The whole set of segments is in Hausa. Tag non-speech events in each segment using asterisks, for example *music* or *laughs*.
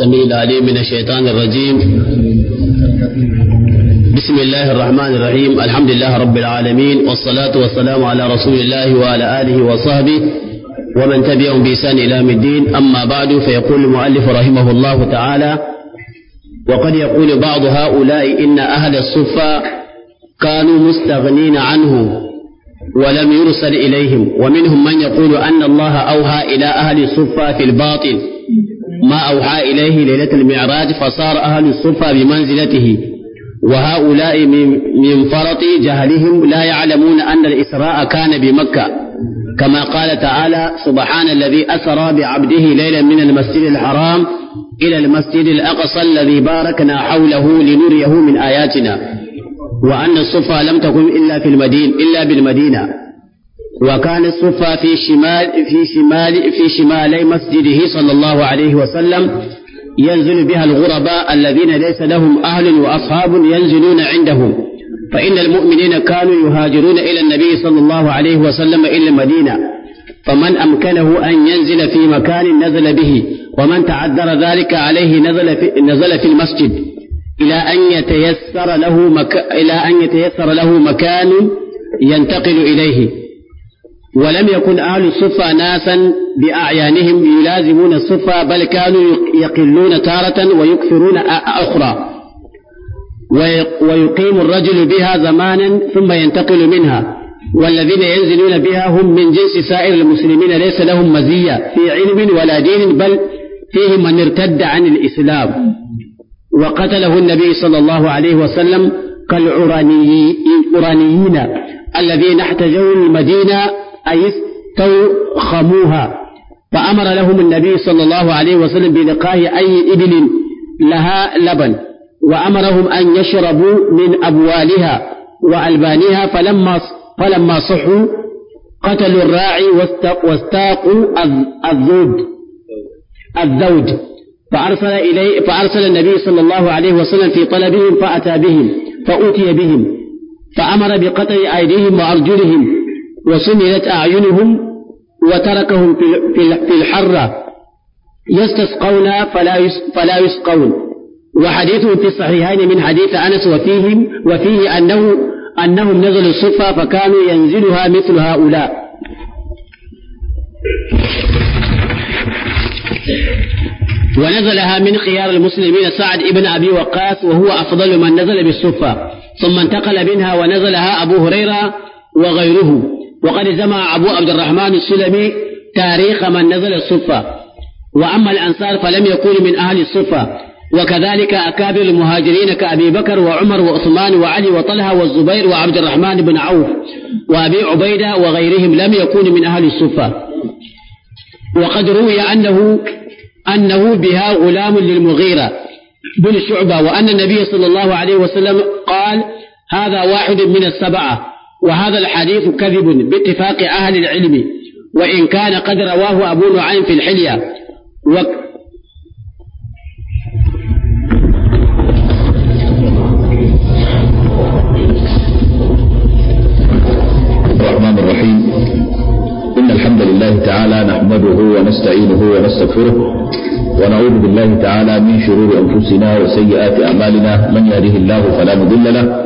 السميع العليم من الشيطان الرجيم بسم الله الرحمن الرحيم الحمد لله رب العالمين والصلاة والسلام على رسول الله وعلى آله وصحبه ومن تبعهم بإحسان إلى الدين أما بعد فيقول المؤلف رحمه الله تعالى وقد يقول بعض هؤلاء إن أهل الصفة كانوا مستغنين عنه ولم يرسل إليهم ومنهم من يقول أن الله أوهى إلى أهل الصفة في الباطل ما أوحى إليه ليلة المعراج فصار أهل الصفة بمنزلته وهؤلاء من فرط جهلهم لا يعلمون أن الإسراء كان بمكة كما قال تعالى سبحان الذي أسرى بعبده ليلا من المسجد الحرام إلى المسجد الأقصى الذي باركنا حوله لنريه من آياتنا وأن الصفة لم تكن إلا في المدينة إلا بالمدينة وكان الصفا في شمال في شمال في شمالي مسجده صلى الله عليه وسلم ينزل بها الغرباء الذين ليس لهم أهل وأصحاب ينزلون عندهم فإن المؤمنين كانوا يهاجرون إلى النبي صلى الله عليه وسلم إلى المدينة فمن أمكنه أن ينزل في مكان نزل به ومن تعذر ذلك عليه نزل في, نزل في المسجد إلى أن يتيسر له مك... إلى أن يتيسر له مكان ينتقل إليه ولم يكن أهل الصفة ناسا بأعيانهم يلازمون الصفة بل كانوا يقلون تارة ويكثرون أخرى ويقيم الرجل بها زمانا ثم ينتقل منها والذين ينزلون بها هم من جنس سائر المسلمين ليس لهم مزية في علم ولا دين بل فيهم من ارتد عن الإسلام وقتله النبي صلى الله عليه وسلم كالعرانيين الذين احتجوا المدينة أي استوخموها فأمر لهم النبي صلى الله عليه وسلم بلقاء أي إبل لها لبن وأمرهم أن يشربوا من أبوالها وألبانها فلما فلما صحوا قتلوا الراعي واستاقوا الذود الذود فأرسل إليه فأرسل النبي صلى الله عليه وسلم في طلبهم فأتى بهم فأوتي بهم فأمر بقتل أيديهم وأرجلهم وسملت أعينهم وتركهم في الحرة يستسقون فلا فلا يسقون وحديث في الصحيحين من حديث أنس وفيهم وفيه أنه أنهم نزلوا الصفة فكانوا ينزلها مثل هؤلاء ونزلها من خيار المسلمين سعد بن أبي وقاص وهو أفضل من نزل بالصفة ثم انتقل منها ونزلها أبو هريرة وغيره وقد جمع أبو عبد الرحمن السلمي تاريخ من نزل الصفة وأما الأنصار فلم يكونوا من أهل الصفة وكذلك أكابر المهاجرين كأبي بكر وعمر وعثمان وعلي وطلحة والزبير وعبد الرحمن بن عوف وأبي عبيدة وغيرهم لم يكونوا من أهل الصفة وقد روي أنه أنه بها غلام للمغيرة بن شعبة وأن النبي صلى الله عليه وسلم قال هذا واحد من السبعة وهذا الحديث كذب باتفاق أهل العلم وإن كان قد رواه أبو نعيم في الحلية و... الرحمن الرحيم إن الحمد لله تعالى نحمده ونستعينه ونستغفره ونعوذ بالله تعالى من شرور أنفسنا وسيئات أعمالنا من يهده الله فلا مضل له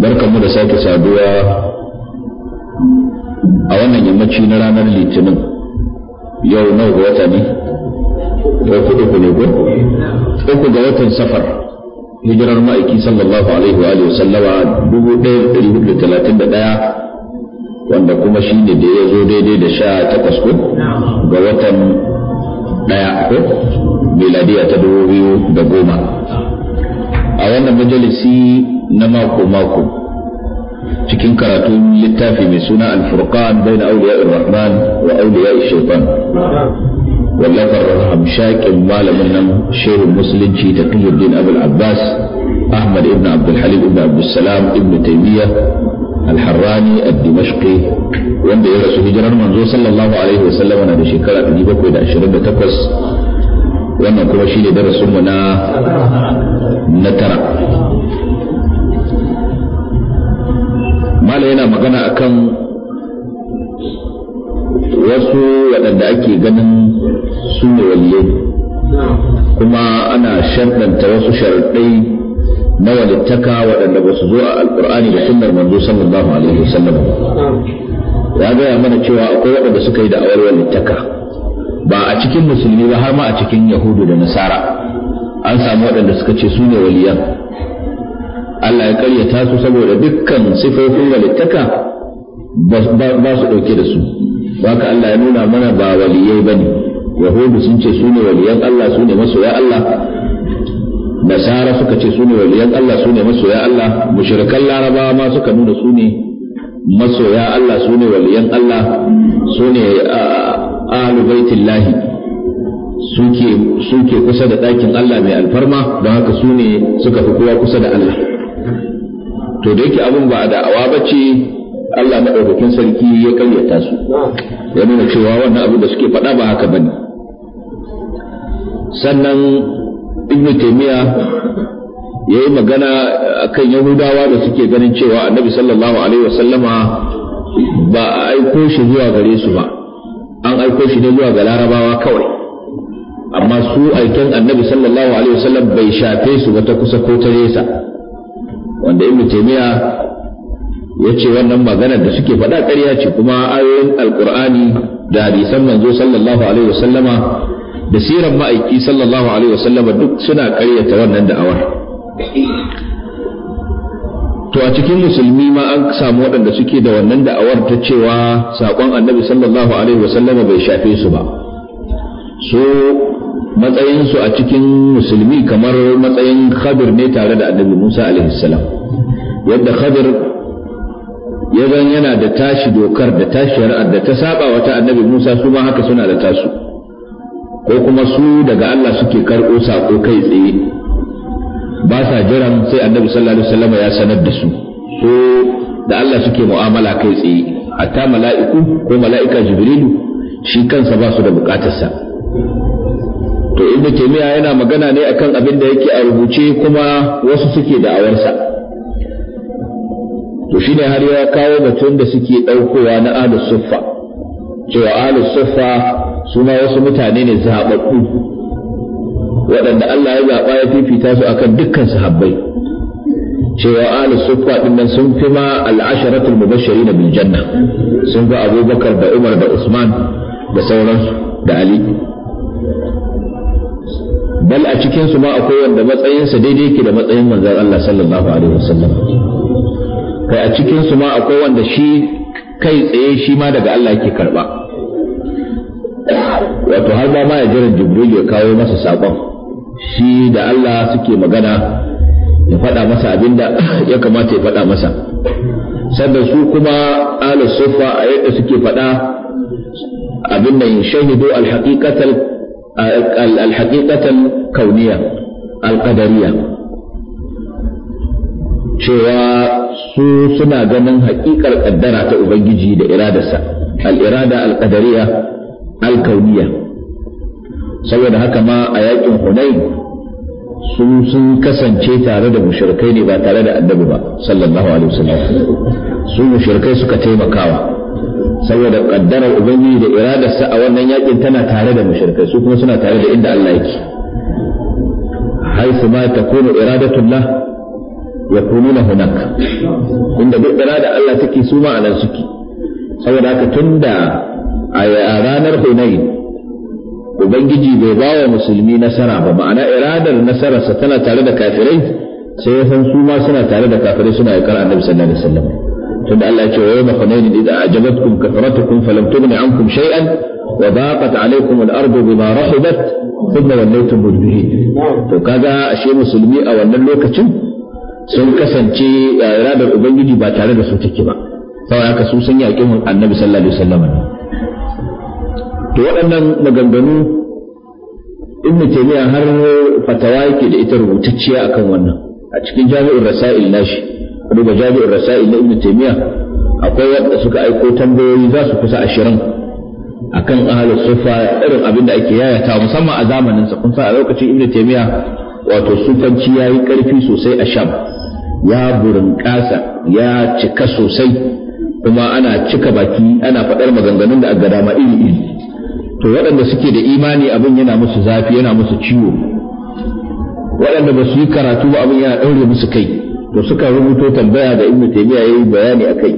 barkanmu da sake saduwa a wannan yammaci na ranar litinin yau nawa ga wata ne da kudu ku ne ko uku ga watan safar hijirar ma'aiki sallallahu alaihi wa sallama dubu ɗaya da da ɗaya wanda kuma shi ne da ya zo daidai da sha takwas ko ga watan ɗaya ko miladiya ta dubu biyu da goma a wannan majalisi na mako-mako cikin karatun littafi mai suna alfurqan bai na auliya rahman wa auliya shaitan wallafar hamshakin malamin nan shirin musulunci da tuhuddin abul abbas ahmad ibn abdulhalim ibn abdulsalam ibn taimiyya alharrani al-dimashqi wanda ya rasu hijirar manzo sallallahu alaihi wasallama na da shekara 728 wannan kuma shi ne darasinmu na na tara mala yana magana akan wasu waɗanda ake ganin su ne waliyai kuma ana sharɗanta wasu sharaɗai na walittaka waɗanda ba su zo a alƙur'ani da sunnar manzo sallallahu alaihi wasallam ya gaya mana cewa akwai waɗanda suka yi da awar walittaka ba a cikin musulmi ba har ma a cikin yahudu da nasara an samu waɗanda suka ce su ne waliyan Allah ya karyata su saboda dukkan sifofin walittaka ba su ɗauke da su baka Allah ya nuna mana ba waliyai ba ne. yahudu sun ce su ne waliyan Allah su ne masoya Allah nasara suka ce su ne waliyan Allah su ne masoya Allah mushrikan larabawa ma suka nuna su ne masoya Allah su ne waliyan Allah su ne ahlu baitillahi suke suke kusa da ɗakin Allah mai alfarma don haka su ne suka fi kowa kusa da Allah to da yake abin ba da'awa ba ce Allah maɗaukakin sarki ya karyata su ya nuna cewa wannan abin da suke faɗa ba haka bane sannan ibn taymiya ya yi magana akan yahudawa da suke ganin cewa annabi sallallahu alaihi wasallama ba a aiko shi zuwa gare su ba an aiko shi ne zuwa ga larabawa kawai amma su aikin annabi sallallahu alaihi wasallam bai shafe su ba ta kusa ko ta nesa wanda ibnu taymiya yace wannan magana da suke faɗa ƙarya ce kuma ayoyin alqur'ani da hadisan manzo sallallahu alaihi wasallama da siran ma'aiki sallallahu alaihi wasallama duk suna ƙaryata wannan da'awar to a cikin musulmi ma an samu waɗanda suke da wannan da'awar ta cewa saƙon annabi sallallahu alaihi wasallama bai shafe su ba so matsayinsu a cikin musulmi kamar matsayin khadir ne tare da annabi Musa alaihi salam yadda khadir ya zan yana da tashi dokar da tashi shari'ar da ta saba wata annabi Musa su ma haka suna da tasu ko kuma su daga Allah suke karɓo sako kai tsaye ba sa jiran sai annabi sallallahu alaihi wasallam ya sanar da su so da Allah suke mu'amala kai tsaye hatta mala'iku ko mala'ika jibrilu shi kansa ba su da bukatarsa wato ibn taymiya yana magana ne akan abin da yake a rubuce kuma wasu suke da'awarsa to ne har ya kawo batun da suke ɗaukowa na ahlus suffa cewa ahlus suffa suna wasu mutane ne zababbu waɗanda Allah ya zaɓa ya fifita su akan dukkan sahabbai cewa ahli suffa din nan sun fi ma al'asharatul mubashirin bil janna sun fi abubakar da umar da usman da sauransu da ali bal a cikin su ma akwai wanda matsayinsa daidai yake da matsayin manzon Allah sallallahu alaihi wasallam kai a cikin su ma akwai wanda shi kai tsaye shi ma daga Allah yake karba wato har ba ma ya jira jibril ya kawo masa sakon shi da Allah suke magana ya faɗa masa abin da ya kamata ya faɗa masa sannan su kuma ala sufa a yadda suke faɗa abin da shahidu alhaqiqatal الحقيقة الكونية القدرية cewa su suna ganin haƙiƙar ƙaddara ta Ubangiji da iradarsa, al'irada al'adariya alkauniya. Saboda haka ma a yakin Hunay su sun kasance tare da mushrikai ne ba tare da annabi ba, sallallahu Alaihi wasallam. Su mushrikai suka taimakawa. saboda kaddarar ubangiji da iradarsa a wannan yakin tana tare da mushrikai su kuma suna tare da inda Allah yake haisu ma takunu iradatullah yakununa hunak inda duk irada Allah take su ma anan suke saboda haka tunda a ranar Hunayn ubangiji bai ba wa musulmi nasara ba ma'ana iradar nasararsa tana tare da kafirai sai ya san su ma suna tare da kafirai suna yakar annabi sallallahu alaihi wasallam tunda Allah ya ce wa yawma hunainin idza ajabatkum kathratukum falam tughni ankum shay'an wa daqat alaykum al-ardu bima rahibat thumma wallaytum mudbirin to kaga ashe musulmi a wannan lokacin sun kasance iradar ubangiji ba tare da su take ba saboda haka su sun yaƙi annabi sallallahu alaihi wasallam to waɗannan maganganu ibnu taymiya har fatawa yake da ita rubutacciya akan wannan a cikin jami'in rasail nashi duba jami'in rasa'i na ibn taymiya akwai wanda suka aiko tambayoyi za su kusa ashirin akan ahlus sufa irin abin da ake yayata musamman a zamanin sa kun sa a lokacin ibn taymiya wato sufanci yayi karfi sosai a sham ya burinkasa ya cika sosai kuma ana cika baki ana faɗar maganganun da aka ma iri iri to waɗanda suke da imani abin yana musu zafi yana musu ciwo waɗanda ba su yi karatu ba abin yana ɗaure musu kai to suka rubuto tambaya da ibnu taymiya yayi bayani akai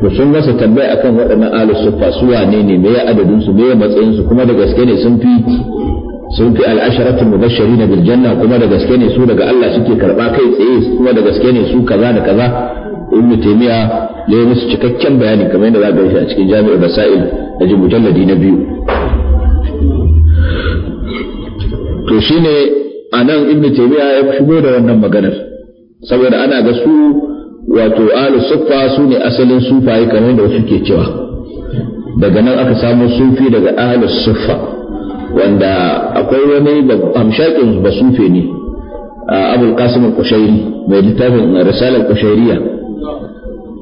to sun gasa tambaya akan waɗannan ahlus sufa su wane ne me ya adadin su me ya matsayin su kuma da gaske ne sun fi sun fi al'asharatu mubashirin bil janna kuma da gaske ne su daga Allah suke karba kai tsaye kuma da gaske ne su kaza da kaza ibnu taymiya ya yi musu cikakken bayani kamar yadda za ga shi a cikin jami'ul basail da jin mujalladi na biyu to shine anan ibnu taymiya ya shigo da wannan maganar saboda ana ga su wato alu suffa su ne asalin sufaye kamar da wasu ke cewa daga nan aka samu sufi daga alu suffa wanda akwai wani hamshakin sufe ne abul qasim al mai littafin risalar qushairiyya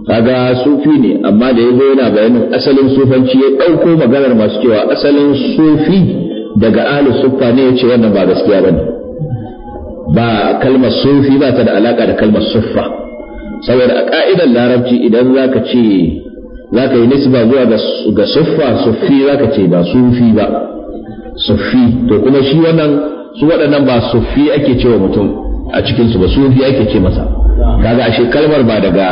kaga sufi ne amma da yazo yana bayanin asalin sufanci ya ɗauko maganar masu cewa asalin sufi daga alu suffa ne ce wannan ba gaskiya bane ba kalmar sufi ba ta da alaka da kalmar suffa saboda a ka'idar larabci idan za ka ce za ka yi nisba zuwa ga suffa sufi ka ce ba sufi ba sufi to kuma shi wannan su waɗannan ba sufi ake wa mutum a cikinsu ba sufi ake ce masa kaga ashe kalmar ba daga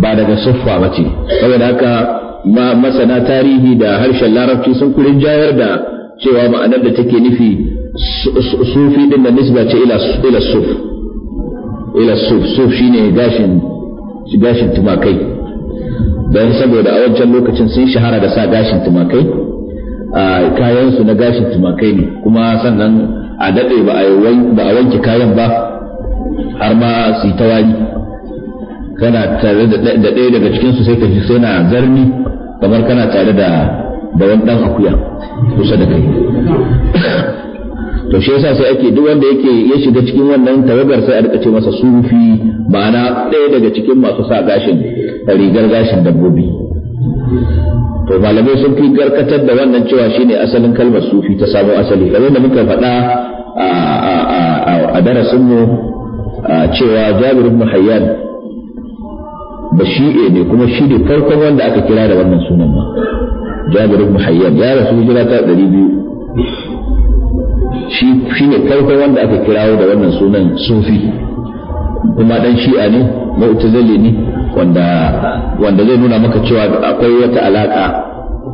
ba daga suffa ba ce saboda haka masana tarihi da harshen larabci sun kurin jayar da cewa ma'anar da take nufi sufi din da nisba ce ila suf ila suf suf shine gashin gashin tumakai don saboda a wancan lokacin sun shahara da sa gashin tumakai kayan su na gashin tumakai ne kuma sannan a daɗe ba a wanke kayan ba har ma su yi tawari kana tare da ɗaya daga cikinsu sai ka ji sai na zarni kamar kana tare da da wani ɗan akuya kusa da kai to shi yasa sai ake duk wanda yake ya shiga cikin wannan tawagar sai a rika ce masa sufi ma'ana ɗaya daga cikin masu sa gashin rigar gashin dabbobi to malamai sun fi garkatar da wannan cewa shine asalin kalmar sufi ta samo asali kamar da muka faɗa a darasin mu cewa Jabir ibn Hayyan bashi'e ne kuma shi ne farkon wanda aka kira da wannan sunan ma Jabir ibn Hayyan ya rasu hijira ta 200 shi ne farko wanda aka kirawo da wannan sunan sufi kuma dan shi'a ne mu'tazili ne wanda wanda zai nuna maka cewa akwai wata alaka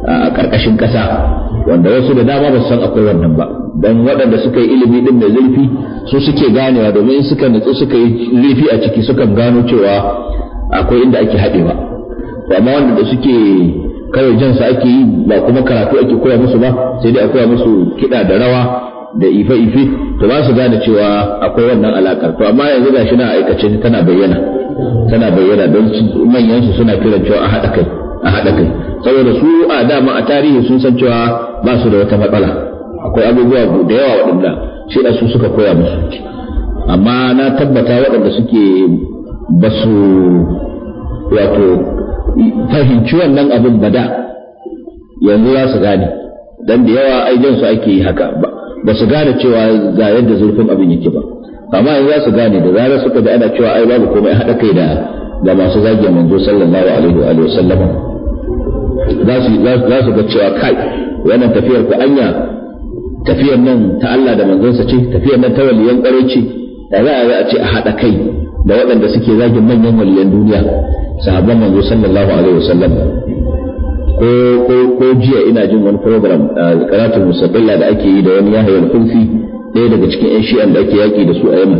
a karkashin kasa wanda wasu da dama ba su san akwai wannan ba dan waɗanda suka yi ilimi din da zurfi su suke ganewa domin in suka nutsu suka yi zurfi a ciki sukan gano cewa akwai inda ake haɗewa to amma wanda da suke kawai jansa ake yi ba kuma karatu ake koya musu ba sai dai a koya musu kiɗa da rawa da ife-ife to ba su gane cewa akwai wannan alakar to amma yanzu gashi na aikace tana bayyana tana bayyana don manyan su suna kiran cewa a haɗa kai a haɗa kai saboda su a dama a tarihi sun san cewa ba su da wata matsala akwai abubuwa da yawa waɗanda shi da su suka koya musu amma na tabbata waɗanda suke ba su wato fahimci wannan abin ba da yanzu za su gane dan da yawa aijin su ake yi haka ba su gane cewa ga yadda zurfin abin yake ba amma yanzu za su gane da zarar suka da ana cewa ai babu komai haɗa kai da da masu zagiya manzo sallallahu alaihi wa sallam. za su ga cewa kai wannan tafiyar ku anya tafiyar nan ta Allah da manzonsa ce tafiyar nan ta waliyan ƙwarai ce da za a ce a haɗa kai da waɗanda suke zagin manyan waliyan duniya sahabban manzo sallallahu alaihi wa sallam ko ko jiya ina jin wani program qiratul musabilla da ake yi da wani ya hayar kunfi ɗaya daga cikin 'yan shi'an da ake yaki da su a yamma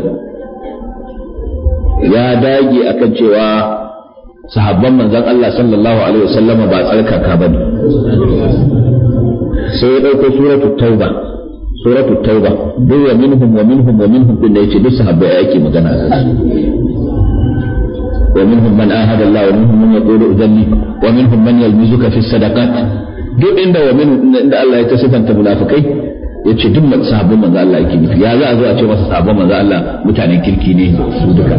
ya dage akan cewa sahabban manzon Allah sallallahu alaihi wasallam ba tsarkaka ne. sai ya dauko suratul tauba suratul tauba duk wa minhum wa minhum wa minhum din da yace duk sahabbai ake magana da su. ومنهم من آهد الله ومنهم من يقول أذني ومنهم من يلمزك في الصدقات duk inda wa min inda Allah ya ta sifanta munafikai yace duk mun sabon manzo Allah yake nufi ya za a zo a ce masa sabon manzo Allah mutanen kirki ne su duka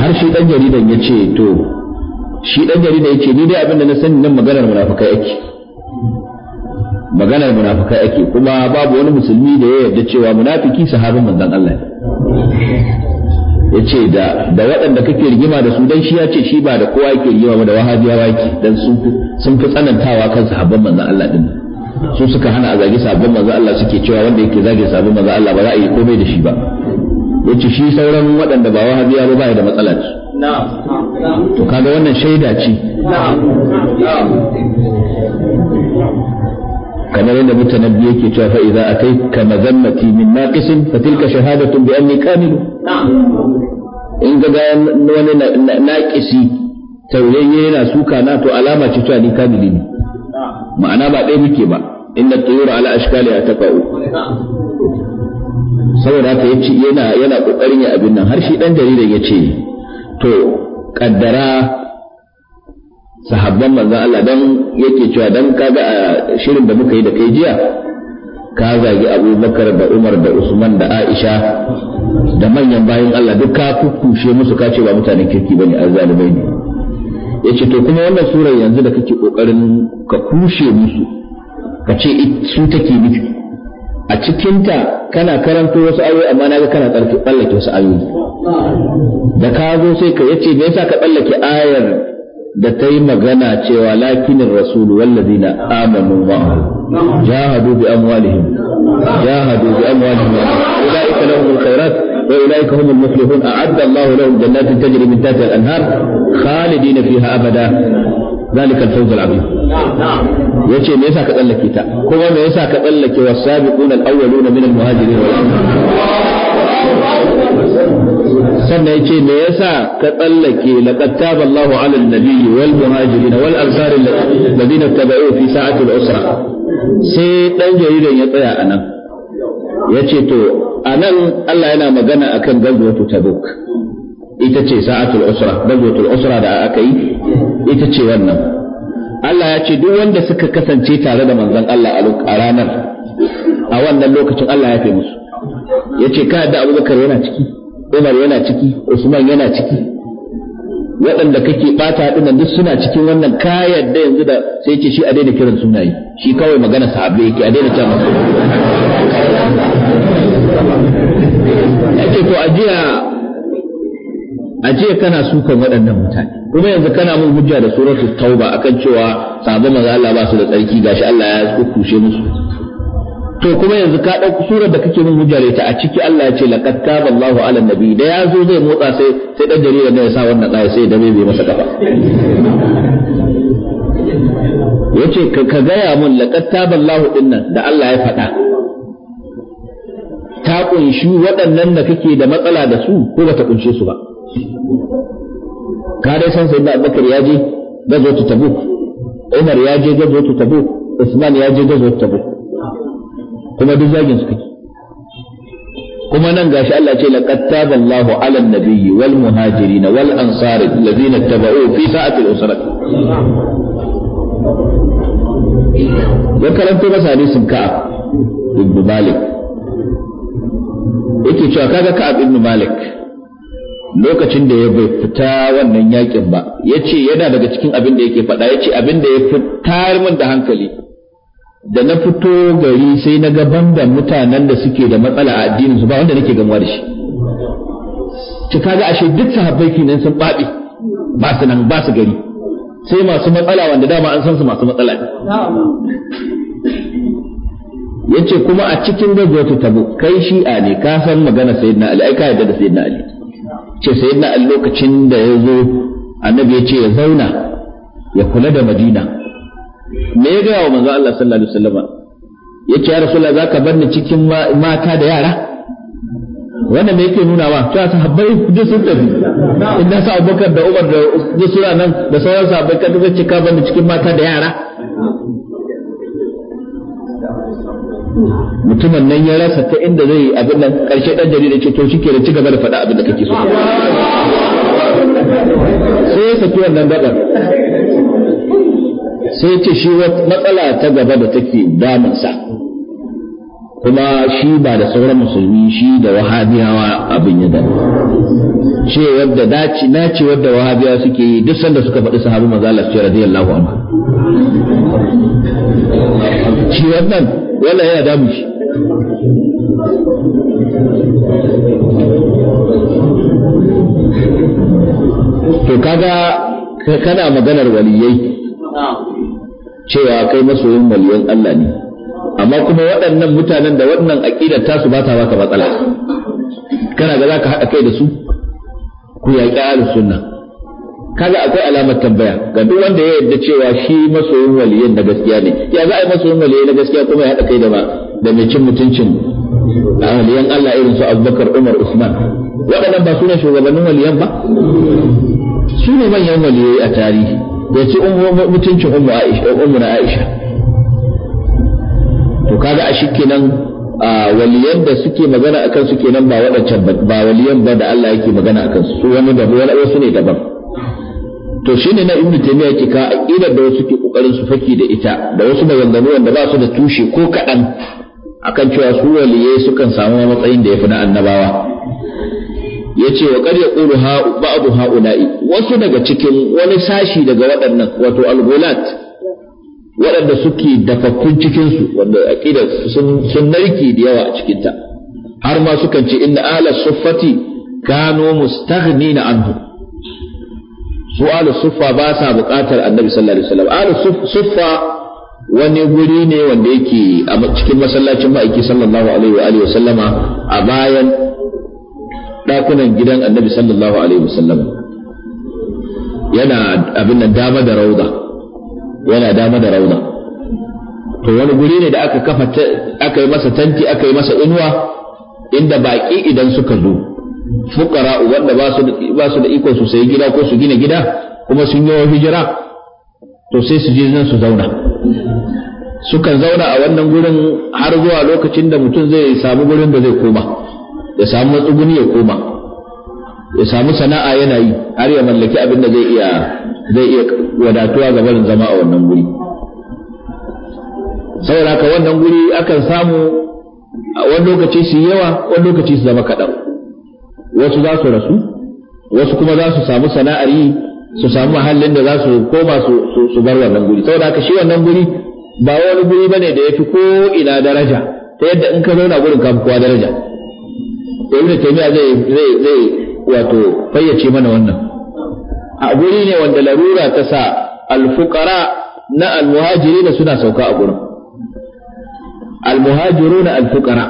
har shi dan jaridan ya ce to shi dan ya ce ni dai abinda na sani nan maganar munafikai yake maganar munafikai ake kuma babu wani musulmi da ya yarda cewa munafiki sahabin manzon Allah ne yace da da waɗanda kake rigima da su dan shi ce shi ba da kowa yake rigima ba da wahabiyawa yake dan sun fi tsanantawa kan sahabban manzon Allah din su suka hana a zagi sahabban manzon Allah suke cewa wanda yake zagi sahabban manzon Allah ba za a yi komai da shi ba yace shi sauran waɗanda ba wahabiya ba ya da matsala ce to kaga wannan shaida ce kamar yadda mutanabbi yake cewa fa idza ka mazammati min naqisin fa tilka shahadatun bi anni kamil in ga wani naqisi tauyayye yana suka na to alama ce cewa ni kamili ne ma'ana ba ɗaya muke ba inda tuyura ala ashkali a tafa'u saboda haka ya yana yana kokarin ya abin nan har shi dan jaridan ya ce to kaddara sahabban manzan Allah don yake cewa don kaga shirin da muka yi da kai jiya ka zagi abubakar da umar da usman da aisha da manyan bayan allah duk ka kukushe musu ka ce ba mutanen kirki bane zalibai ne Ya ce to kuma wannan surar yanzu da kake kokarin ka kushe musu ka ce su take nufi a cikinta kana karanto wasu ayoyi amma na ga kana tsallake wasu ayoyi da ka zo sai ka yace me yasa ka tsallake ayar da ta yi magana cewa lakinin rasulu wallazi na amanu ma'ahu jahadu bi amwalihim jahadu bi amwalihim ulaika lahum alkhairat wa ulaika humul muflihun a'adda Allah lahum jannatin tajri min tahtiha al-anhar khalidina fiha abada ذلك الفوز العظيم yace me yasa ka tsallake ta kuma me yasa ka tsallake wasabiquna al-awwaluna min al-muhajirin wal sannan yace me yasa ka tsallake laqad taba Allahu 'ala an-nabiyyi wal muhajirin wal ansar alladhina tabauhu fi sa'ati al-usra sai dan jaridan ya tsaya anan yace to anan Allah yana magana akan gazwatu tabuk ita ce sa'atul usra gazwatul usra da aka yi ita ce wannan Allah ya ce duk wanda suka kasance tare da manzon Allah a ranar a wannan lokacin Allah ya fi musu yace ka yadda abubakar yana ciki umar yana ciki usman yana ciki waɗanda kake bata nan duk suna cikin wannan ka yadda yanzu da sai ce shi a daina kiran sunaye shi kawai magana sahabbai yake a daina ta masa yake to ajiya ajiya kana sukan waɗannan mutane kuma yanzu kana mun hujja da suratul tauba akan cewa sabon maza Allah ba su da tsarki gashi Allah ya kushe musu to kuma yanzu ka ɗauki surar da kake min hujjar ta a ciki Allah ya ce laqad taba Allahu ala nabi da ya zo zai motsa sai sai dan jarida ne ya sa wannan aya sai da bai masa kafa yace ka gaya mun laqad taba Allahu dinnan da Allah ya faɗa ta kunshi waɗannan da kake da matsala da su ko ba ta kunshe su ba ka dai san sayyidina Abubakar ya je gazo ta Tabuk Umar ya je gazo ta Tabuk Usman ya je gazo ta Tabuk kuma duk zagin su kake kuma nan gashi Allah ce laqad taballahu ala nabiyyi wal muhajirin wal ansar alladhina tabauhu fi sa'atil usrat ya karanto masa hadisin ka'ab ibn malik yake cewa kaga ka ibn malik lokacin da ya bai fita wannan yakin ba Ya ce yana daga cikin abin da yake faɗa Ya ce abin da ya fi fitar min da hankali da na fito gari sai na ga da mutanen da suke da matsala a addinin su ba wanda nake gamuwa da shi ki kaga ashe duk sahabbai kinan sun babe ba su nan ba su gari sai masu matsala wanda dama an san su masu matsala ne yace kuma a cikin gaggauta tabo kai a ne ka san magana sayyidina ali ai ka yadda da sayyidina ali ce sayyidina ali lokacin da ya zo annabi ya ce ya zauna ya kula da madina me ya gaya wa manzo Allah sallallahu alaihi wasallam yace ya rasulullah zaka bar ni cikin mata da yara wannan me yake nuna wa to sahabbai duk sun tafi idan sa Abubakar da Umar da duk nan da sauran sahabbai kada zai cika ban cikin mata da yara mutumin nan ya rasa ta inda zai abin nan karshe dan jarida ce to shike da ci gaba da faɗa abin da kake so sai ya saki wannan gabar sai ce shi matsala ta gaba da take damunsa kuma shi ba da sauran musulmi shi da wahabiyawa abin ya dame ce wadda na ce wadda wahabiyawa suke yi duk sanda suka faɗi sahabu manzo Allah ce radiyallahu anhu shi wannan wala yana damu shi to kaga kana maganar waliyai cewa kai masoyin waliyan Allah ne amma kuma waɗannan mutanen da wannan aƙidar tasu ba ta baka matsala kana ga zaka haɗa kai da su ku yaƙi ahlus sunna kaga akwai alamar tambaya ga duk wanda ya yarda cewa shi masoyin waliyan na gaskiya ne ya za a yi masoyin waliyan na gaskiya kuma ya haɗa kai da ma. da mai cin mutuncin waliyan Allah irin su Abubakar Umar Usman waɗannan ba su ne shugabannin waliyan ba su ne manyan waliyoyi a tarihi ya ci mutuncin ummu aisha na aisha to kaga a kenan waliyan da suke magana a kansu kenan ba waɗancan ba waliyan ba da Allah yake magana a kansu su wani da wani wasu ne daban to shine na ibnu taymiya yake ka aqida da wasu ke kokarin su faki da ita da wasu maganganu wanda ba su da tushe ko kaɗan akan cewa su waliyai sukan samu matsayin da ya fi na annabawa yace wa qad yaqulu ha ba'du haula'i wasu daga cikin wani sashi daga waɗannan wato al waɗanda suke dafakkun cikinsu, wanda aqida sun sun narki da yawa a cikinta, har ma sukan ce inna ahla suffati kanu mustaghnina anhu su ahla suffa ba sa buƙatar annabi sallallahu alaihi wasallam ahla suffa wani guri ne wanda yake a cikin masallacin ma'aiki sallallahu alaihi wa alihi wasallama a bayan ɗakunan gidan annabi sallallahu alaihi wasallam yana abin nan dama da rauda yana dama da rauda to wani guri ne da aka kafa aka yi masa tanti aka yi masa inuwa inda baƙi idan suka zo fukara wanda ba su da ikon su sayi gida ko su gina gida kuma sun yi hijira to sai su je nan su zauna sukan zauna a wannan gurin har zuwa lokacin da mutum zai samu gurin da zai koma ya samu matsuguni ya koma ya samu sana'a yana yi har ya mallaki abin da zai iya zai iya wadatuwa ga barin zama a wannan guri saboda haka wannan guri akan samu a wani lokaci su yawa wani lokaci su zama kaɗan wasu za su rasu wasu kuma za su samu sana'ar yi su samu mahallin da za su koma su bar wannan guri saboda haka shi wannan guri ba wani guri bane da ya fi ko ina daraja ta yadda in ka zauna gurin ka kowa daraja da ibn taymiya zai zai zai wato fayyace mana wannan a guri ne wanda larura ta sa alfuqara na almuhajirin suna sauka a gurin almuhajirun alfuqara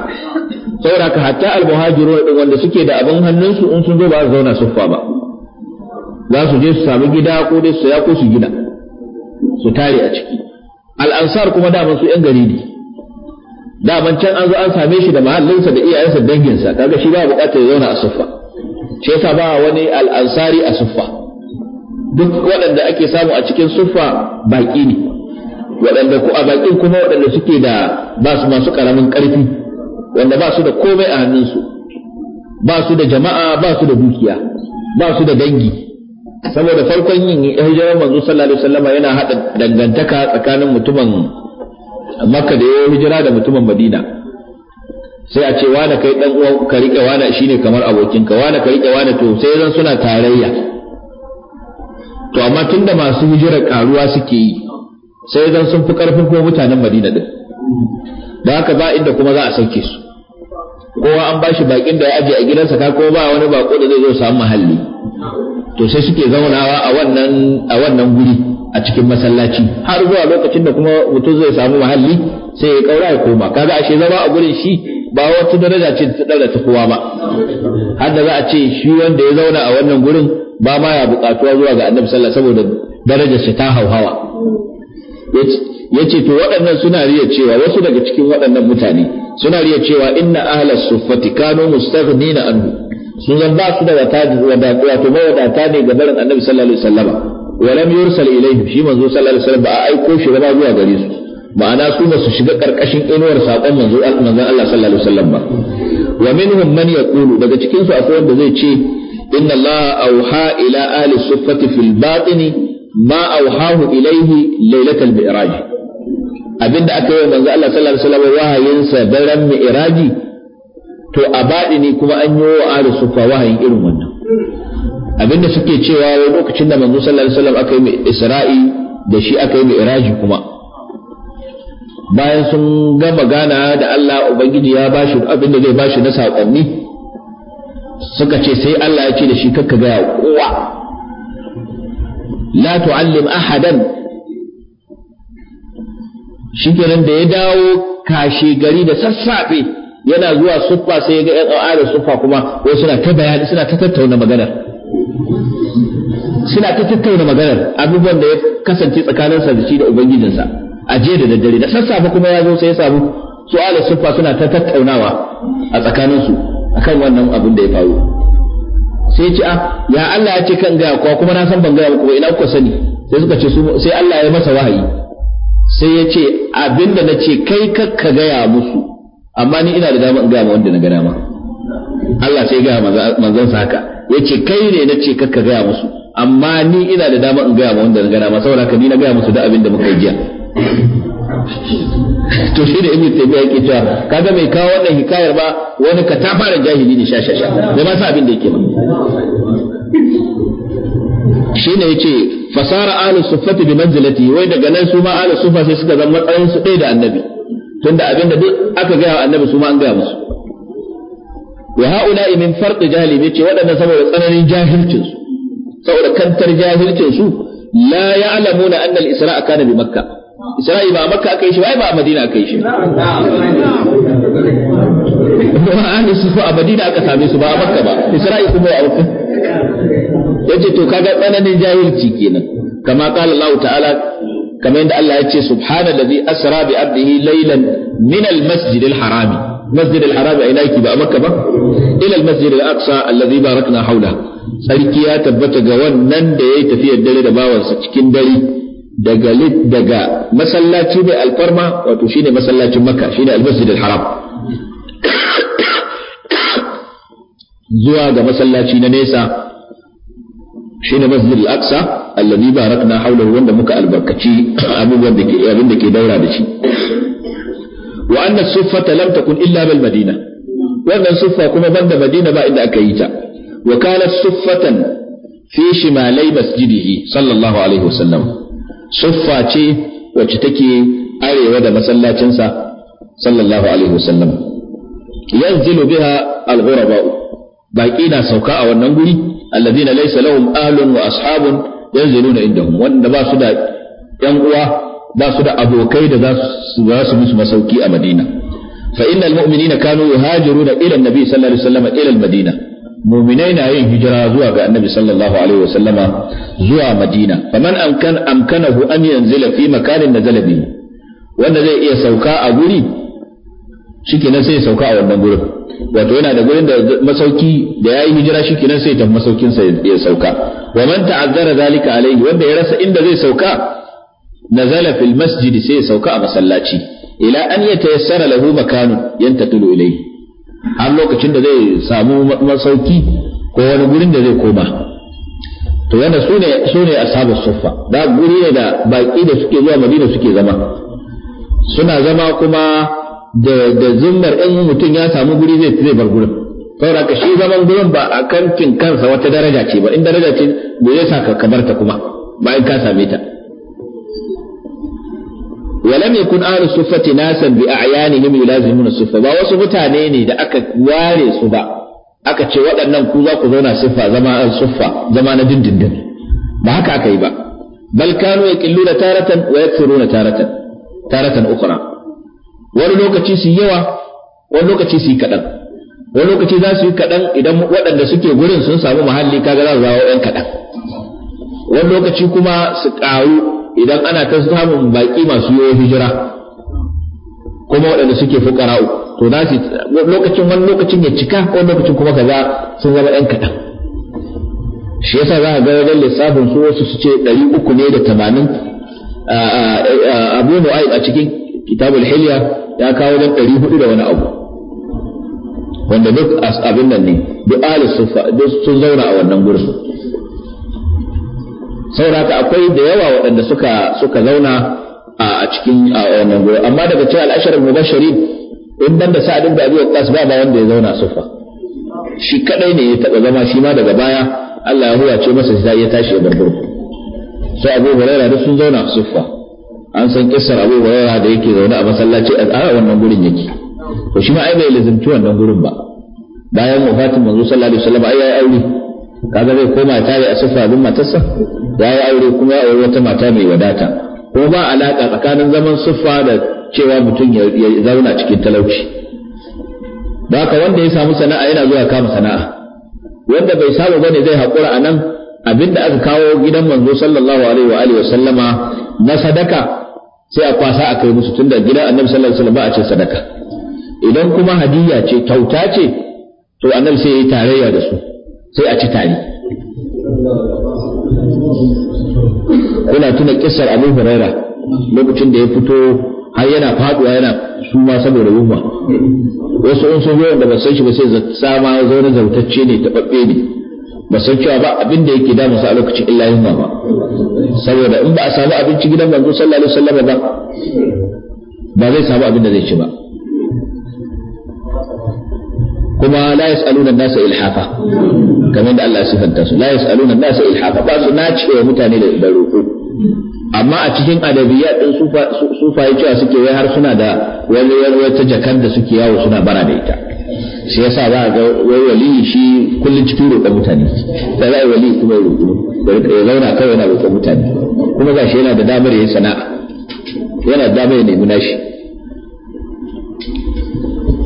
saboda ka hatta almuhajirun din wanda suke da abin hannunsu in sun zo ba su zauna suffa ba za su je su samu gida ko dai su ya ko su gida su tare a ciki al'ansar kuma da su 'yan gari ne da ban can an zo an same shi da mahallinsa da iyayensa danginsa kaga shi ba bukatar ya zauna a suffa shi yasa ba wani al'ansari a suffa duk waɗanda ake samu a cikin suffa baƙi ne waɗanda ku a baƙin kuma waɗanda suke da ba su masu ƙaramin ƙarfi wanda ba su da komai a hannunsu ba su da jama'a ba su da dukiya ba su da dangi saboda farkon yin hijirar manzo sallallahu alaihi wasallam yana hada dangantaka tsakanin mutumin makka da ya hijira da mutumin madina sai a ce wane kai dan uwan ka rike wane shine kamar abokinka wani ka rike wane to sai zan suna tarayya to amma tunda masu hijira karuwa suke yi sai zan sun fi karfin kuma mutanen madina din da haka ba inda kuma za a sauke su kowa an bashi bakin da ya aje a gidansa ka ko ba wani bako da zai zo samu mahalli to sai suke zaunawa a wannan a wannan guri a cikin masallaci har zuwa lokacin da kuma mutum zai samu muhalli sai ya kaura ya koma kaga ashe zama a gurin shi ba wata daraja ce ta dara ta kowa ba har da za a ce shi wanda ya zauna a wannan gurin ba ma ya buƙatuwa zuwa ga annabi sallallahu saboda darajar shi ta hauhawa yace to waɗannan suna riya cewa wasu daga cikin waɗannan mutane suna riya cewa inna ahlas suffati kanu mustaghnina anhu sun zan ba su da to wato mawadata ne ga barin annabi sallallahu alaihi wasallama wa lam yursal ilayhim shi manzo sallallahu alaihi ba a aiko shi ba zuwa gare su ma'ana su ba su shiga karkashin inuwar sakon manzo Allah sallallahu alaihi wasallam ba wa minhum man yaqulu daga cikin su akwai wanda zai ce inna Allah auha ila ali suffati fil batini ma auhahu ilayhi lailatul mi'raj abinda aka yi manzo Allah sallallahu alaihi wasallam wahayinsa daren mi'raji to a ne kuma an yi wa ali suffa wahayin irin abinda suke cewa wai lokacin da manzo sallallahu alaihi wasallam aka yi mai isra'i da shi aka yi mai iraji kuma bayan sun ga magana da Allah ubangiji ya bashi abinda zai bashi na saƙonni suka ce sai Allah ya ce da shi kakka ga kowa la tu'allim ahadan shikenan da ya dawo kashe gari da sassafe yana zuwa suffa sai ya ga yan da suffa kuma wai suna ta bayani suna ta tattauna maganar suna ta tattauna maganar abubuwan da ya kasance tsakaninsa da shi da ubangijinsa a jiya da daddare da sassafe kuma ya zo sai ya samu su ala siffa suna ta tattaunawa a tsakaninsu akan wannan abin da ya faru sai ce a ah, ya Allah ya ce kan gaya kuwa kuma na san ban gaya muku ina kuka sani sai suka ce sai Allah ya masa wahayi sai ya ce abinda na ce kai kakka gaya musu amma ni ina da dama in gaya ma wanda na ga dama Allah sai ya gaya manzon sa haka yace kai ne nace ka gaya musu amma ni ina da dama in gaya ma wanda na gana ma saboda ka ni na gaya musu da abin da muka yi jiya *laughs* to shi da ibn taymiya yake cewa kaga mai kawo wannan hikayar ba wani ka ta fara jahili ne sha-sha-sha, da ma sa abin da yake ba ne yace fasara ahli suffati bi manzilati wai daga nan su ma ahli suffa sai suka zama matsayin su ɗaya da annabi tunda abin da duk aka gaya wa annabi su ma an gaya musu wa haula min fard jalim yace waɗannan saboda tsananin jahilcin saboda kantar jahilcin la ya'lamuna anna al-isra kana bi makka isra'i ba makka aka yi shi ba a madina aka yi shi ba an su a madina aka same ba a makka ba isra'i kuma a makka yace to kaga tsananin jahilci kenan kama ta'ala yadda Allah ya ce subhana asra bi abdihi laylan minal masjidil harami masjid al-haram a ina yake ba a makka ba ila al-masjid al-aqsa alladhi barakna haula sarki ya tabbata ga wannan da yayi tafiyar dare da bawansa cikin dare daga daga masallaci mai alfarma wato shine masallacin makka shine al-masjid al-haram zuwa ga masallaci na nesa shine masjid al-aqsa alladhi barakna hawlahu wanda muka albarkaci abubuwan da ke abin da ke daura da shi wa anna suffata lam illa bil madina wannan suffa kuma banda madina ba inda aka yi ta wa kana suffatan fi shimalai masjidihi sallallahu alaihi wasallam suffa ce wacce take arewa da masallacinsa sallallahu alaihi wasallam yanzilu biha al-ghuraba baki na sauka a wannan guri alladhina laysa lahum ahlun wa ashabun yanziluna indahum wanda ba su da yan uwa ba su da abokai da za su su musu masauki a Madina fa innal mu'minina kanu yuhajiruna ila annabi sallallahu alaihi wasallam ila al-Madina mu'minai na yin hijira zuwa ga annabi sallallahu alaihi wasallam zuwa Madina faman amkan amkanahu an yanzila fi makanin nazala bihi wanda zai iya sauka a guri shikenan sai ya sauka a wannan gurin wato yana da gurin da masauki da yayi hijira shikenan sai ta masaukin sa ya sauka wa man ta'azzara zalika alaihi wanda ya rasa inda zai sauka Na zala fil masjid sai ya sauka a masallaci ila an yatayassara lahu makanun yantaqilu ilayhi har lokacin da zai samu masauki ko wani gurin da zai koma to wanda su ne su ne ashabu da guri da baki da suke zuwa madina suke zama suna zama kuma da da zimmar in mutum ya samu guri zai zai bar gurin saboda ka shi zaman gurin ba a kankin kansa wata daraja ce ba in daraja ce me yasa ka kabarta kuma bayan ka same ta ولم يكن أهل الصفة ناسا بأعيانهم يلازمون الصفة ba wasu mutane ne da aka ware su ba aka ce waɗannan ku za ku zauna siffa zama suffa zama na dindindin ba haka aka yi ba bal kanu yaqilluna taratan wa yakthuruna taratan taratan ukhra wani lokaci su yawa wani lokaci su kaɗan wani lokaci za su yi kaɗan idan waɗanda suke gurin sun samu muhalli kaga za su zawo ƴan kaɗan wani lokaci kuma su ƙaru idan ana ta samun baki masu yoyo hijira kuma waɗanda suke fukara'u to za su lokacin wani lokacin ya cika ko lokacin kuma kaza sun zama ɗan kaɗan shi yasa za a ga wajen lissafin su wasu su ce ɗari uku ne da tamanin abu mu'ayyid a cikin kitabul hilya ya kawo wajen ɗari hudu da wani abu wanda duk abin nan ne duk duk sun zauna a wannan gurin saboda akwai da yawa waɗanda suka suka zauna a cikin wannan goyo amma daga cikin al'ashar mubashiri in banda sa'ad ibn abi waqqas ba ba wanda ya zauna sufa shi kadai ne ya taba zama shi ma daga baya Allah ya ce masa sai ya tashi ya barbarku sai Abu Hurairah da sun zauna sufa an san kissar Abu Hurairah da yake zaune a masallaci a wannan gurin yake to shi ma ai bai lazimci wannan gurin ba bayan wafatin manzo sallallahu alaihi wasallam ai ai aure kaga zai koma tare a sufa bin matarsa ya yi aure kuma ya aure wata mata mai wadata ko ba alaka tsakanin zaman siffa da cewa mutum ya zauna cikin talauci da haka wanda ya samu sana'a yana zuwa kama sana'a wanda bai samu bane zai haƙura a nan abinda aka kawo gidan manzo sallallahu alaihi wa alihi sallama na sadaka sai a kwasa a kai musu tunda gidan annabi sallallahu alaihi wasallam ba a ce sadaka idan kuma hadiyya ce kyauta ce to annabi sai ya yi tarayya da su sai a ci tare kuna tuna kisar abu huraira lokacin da ya fito har yana faduwa yana suma saboda yunwa wasu in sun zo da ba san shi ba sai sama zaune zo zautacce ne taɓaɓɓe ne ba san cewa ba abin da yake damu sa a lokacin illa yunwa ba saboda in ba a samu abinci gidan manzo sallallahu alaihi wasallam ba ba zai samu abin da zai ci ba kuma la yas'aluna nasa ilhafa kamar da Allah sifanta su la yas'aluna nasa ilhafa ba su nace wa mutane da roƙo amma a cikin adabiyya din sufaye cewa suke wai har suna da wani wata jakar da suke yawo suna bara da ita shi yasa za a ga wai wali shi kullun cikin roƙon mutane da za a wali kuma roƙo. roƙo ya zauna kawai yana roƙon mutane kuma gashi yana da damar ya yi sana'a yana da damar ya nemi nashi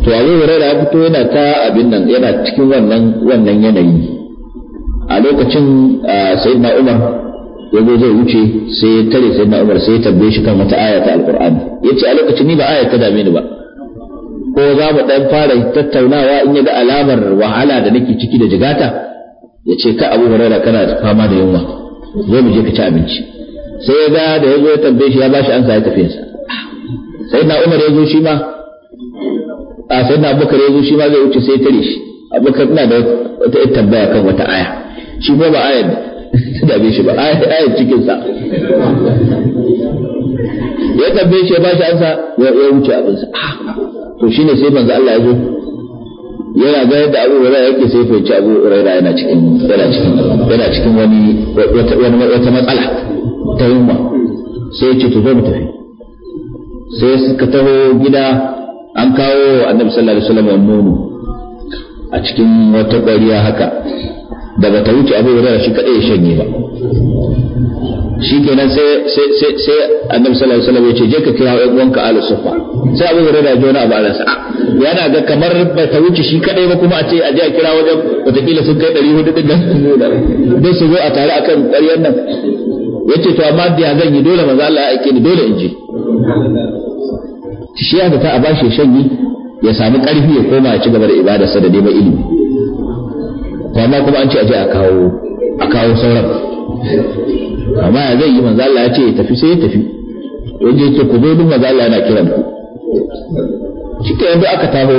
to abu hurairah ya fito yana ta abin nan yana cikin wannan wannan yanayi a lokacin sayyidina umar ya zo zai wuce sai ya tare sayyidina umar sai ya tambaye shi kan wata aya ta alqur'ani yace a lokacin ni ba aya ta dame ni ba ko za mu dan fara tattaunawa in ya ga alamar wahala da nake ciki da jigata yace ka abu hurairah kana fama da yunwa zo mu je ka ci abinci sai ya ga da ya zo ya tambaye shi ya bashi ansa ya tafi sa sayyidina umar ya zo shi ma a sai na abubakar ya zo shi ma zai wuce sai tare shi abubakar ina da wata ita tambaya kan wata aya shi ko ba ayar da bai shi ba ayar cikin sa ya tambaye shi ya ba shi ansa ya wuce abin sa ah, to shine sai banza Allah ya zo yana ga yadda Abu Hurairah yake sai fahimci Abu Hurairah yana cikin yana cikin yana cikin wani wata matsala ta yunwa sai ya ce to zo mu tafi sai suka taho gida an kawo annabi sallallahu alaihi wasallam nono a cikin wata ƙwariya haka da ta wuce abu da shi kaɗai ya shanye ba shi kenan sai sai sai annabi sallallahu alaihi wasallam ya ce je ka kira ɗan ka ala sufa sai abu hurairah ya jona ba ala yana ga kamar ba ta wuce shi kaɗai ba kuma a ce a je a kira wajen wataƙila sun kai ɗari hudu ɗin da su zo a tare akan ƙwaryar nan yace to amma da zan yi dole maza Allah ya aike ni dole in je shi ya fita a bashi shanye ya sami ƙarfi ya koma ya ci gaba da ibadarsa da neman ilimi to amma kuma an ce aje a kawo a kawo sauran amma ya zai yi manzo Allah ya ce ya tafi sai ya tafi waje ya ce ku zo duk manzo Allah yana kiran ku cika yanzu aka taho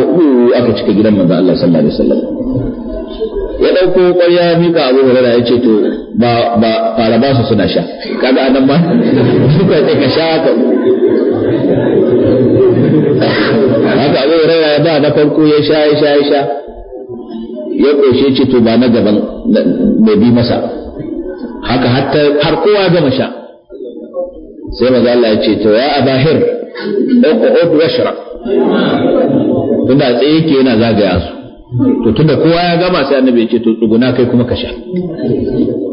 aka cika gidan manzo Allah sallallahu alaihi wasallam ya dauko ƙwarya ya mika Abu Hurairah ya ce to ba ba fara ba su suna sha kaga anan ma suka *laughs* sai ka sha ka haka abu ya ba na farko ya sha ya sha ya sha ya ƙoshe ce to ba na gaban da bi masa haka har kowa gama sha sai maza Allah ya ce to ya abahir uqud washrab tunda tsaye yake yana zagaya su to tunda kowa ya gama sai annabi ya ce to tsuguna kai kuma ka sha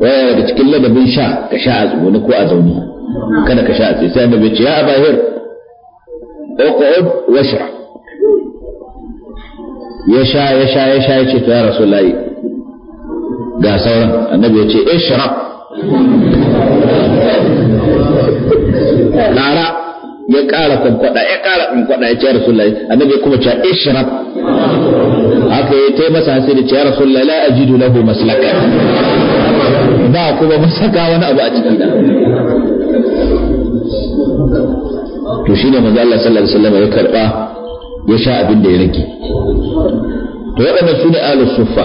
waya daga cikin ladabin sha ka sha a tsuguna ko a zaune kada ka sha a tsaye sai annabi ya ce ya abahir uqud washra ya sha ya sha ya sha ya ce ga sauran annabi ya ce ishrab lara ya ƙara kwankwada ya ƙara kwankwada ya ce rasulullahi annabi ya kuma ce ishrab haka ya tai masa hasiri ce ya rasulullahi la ajidu lahu maslaka ba kuma masaka wani abu a ciki to shi ne maza Allah sallallahu alaihi wasallam ya karba ya sha abin da ya rage to waɗannan su ne ahlus suffa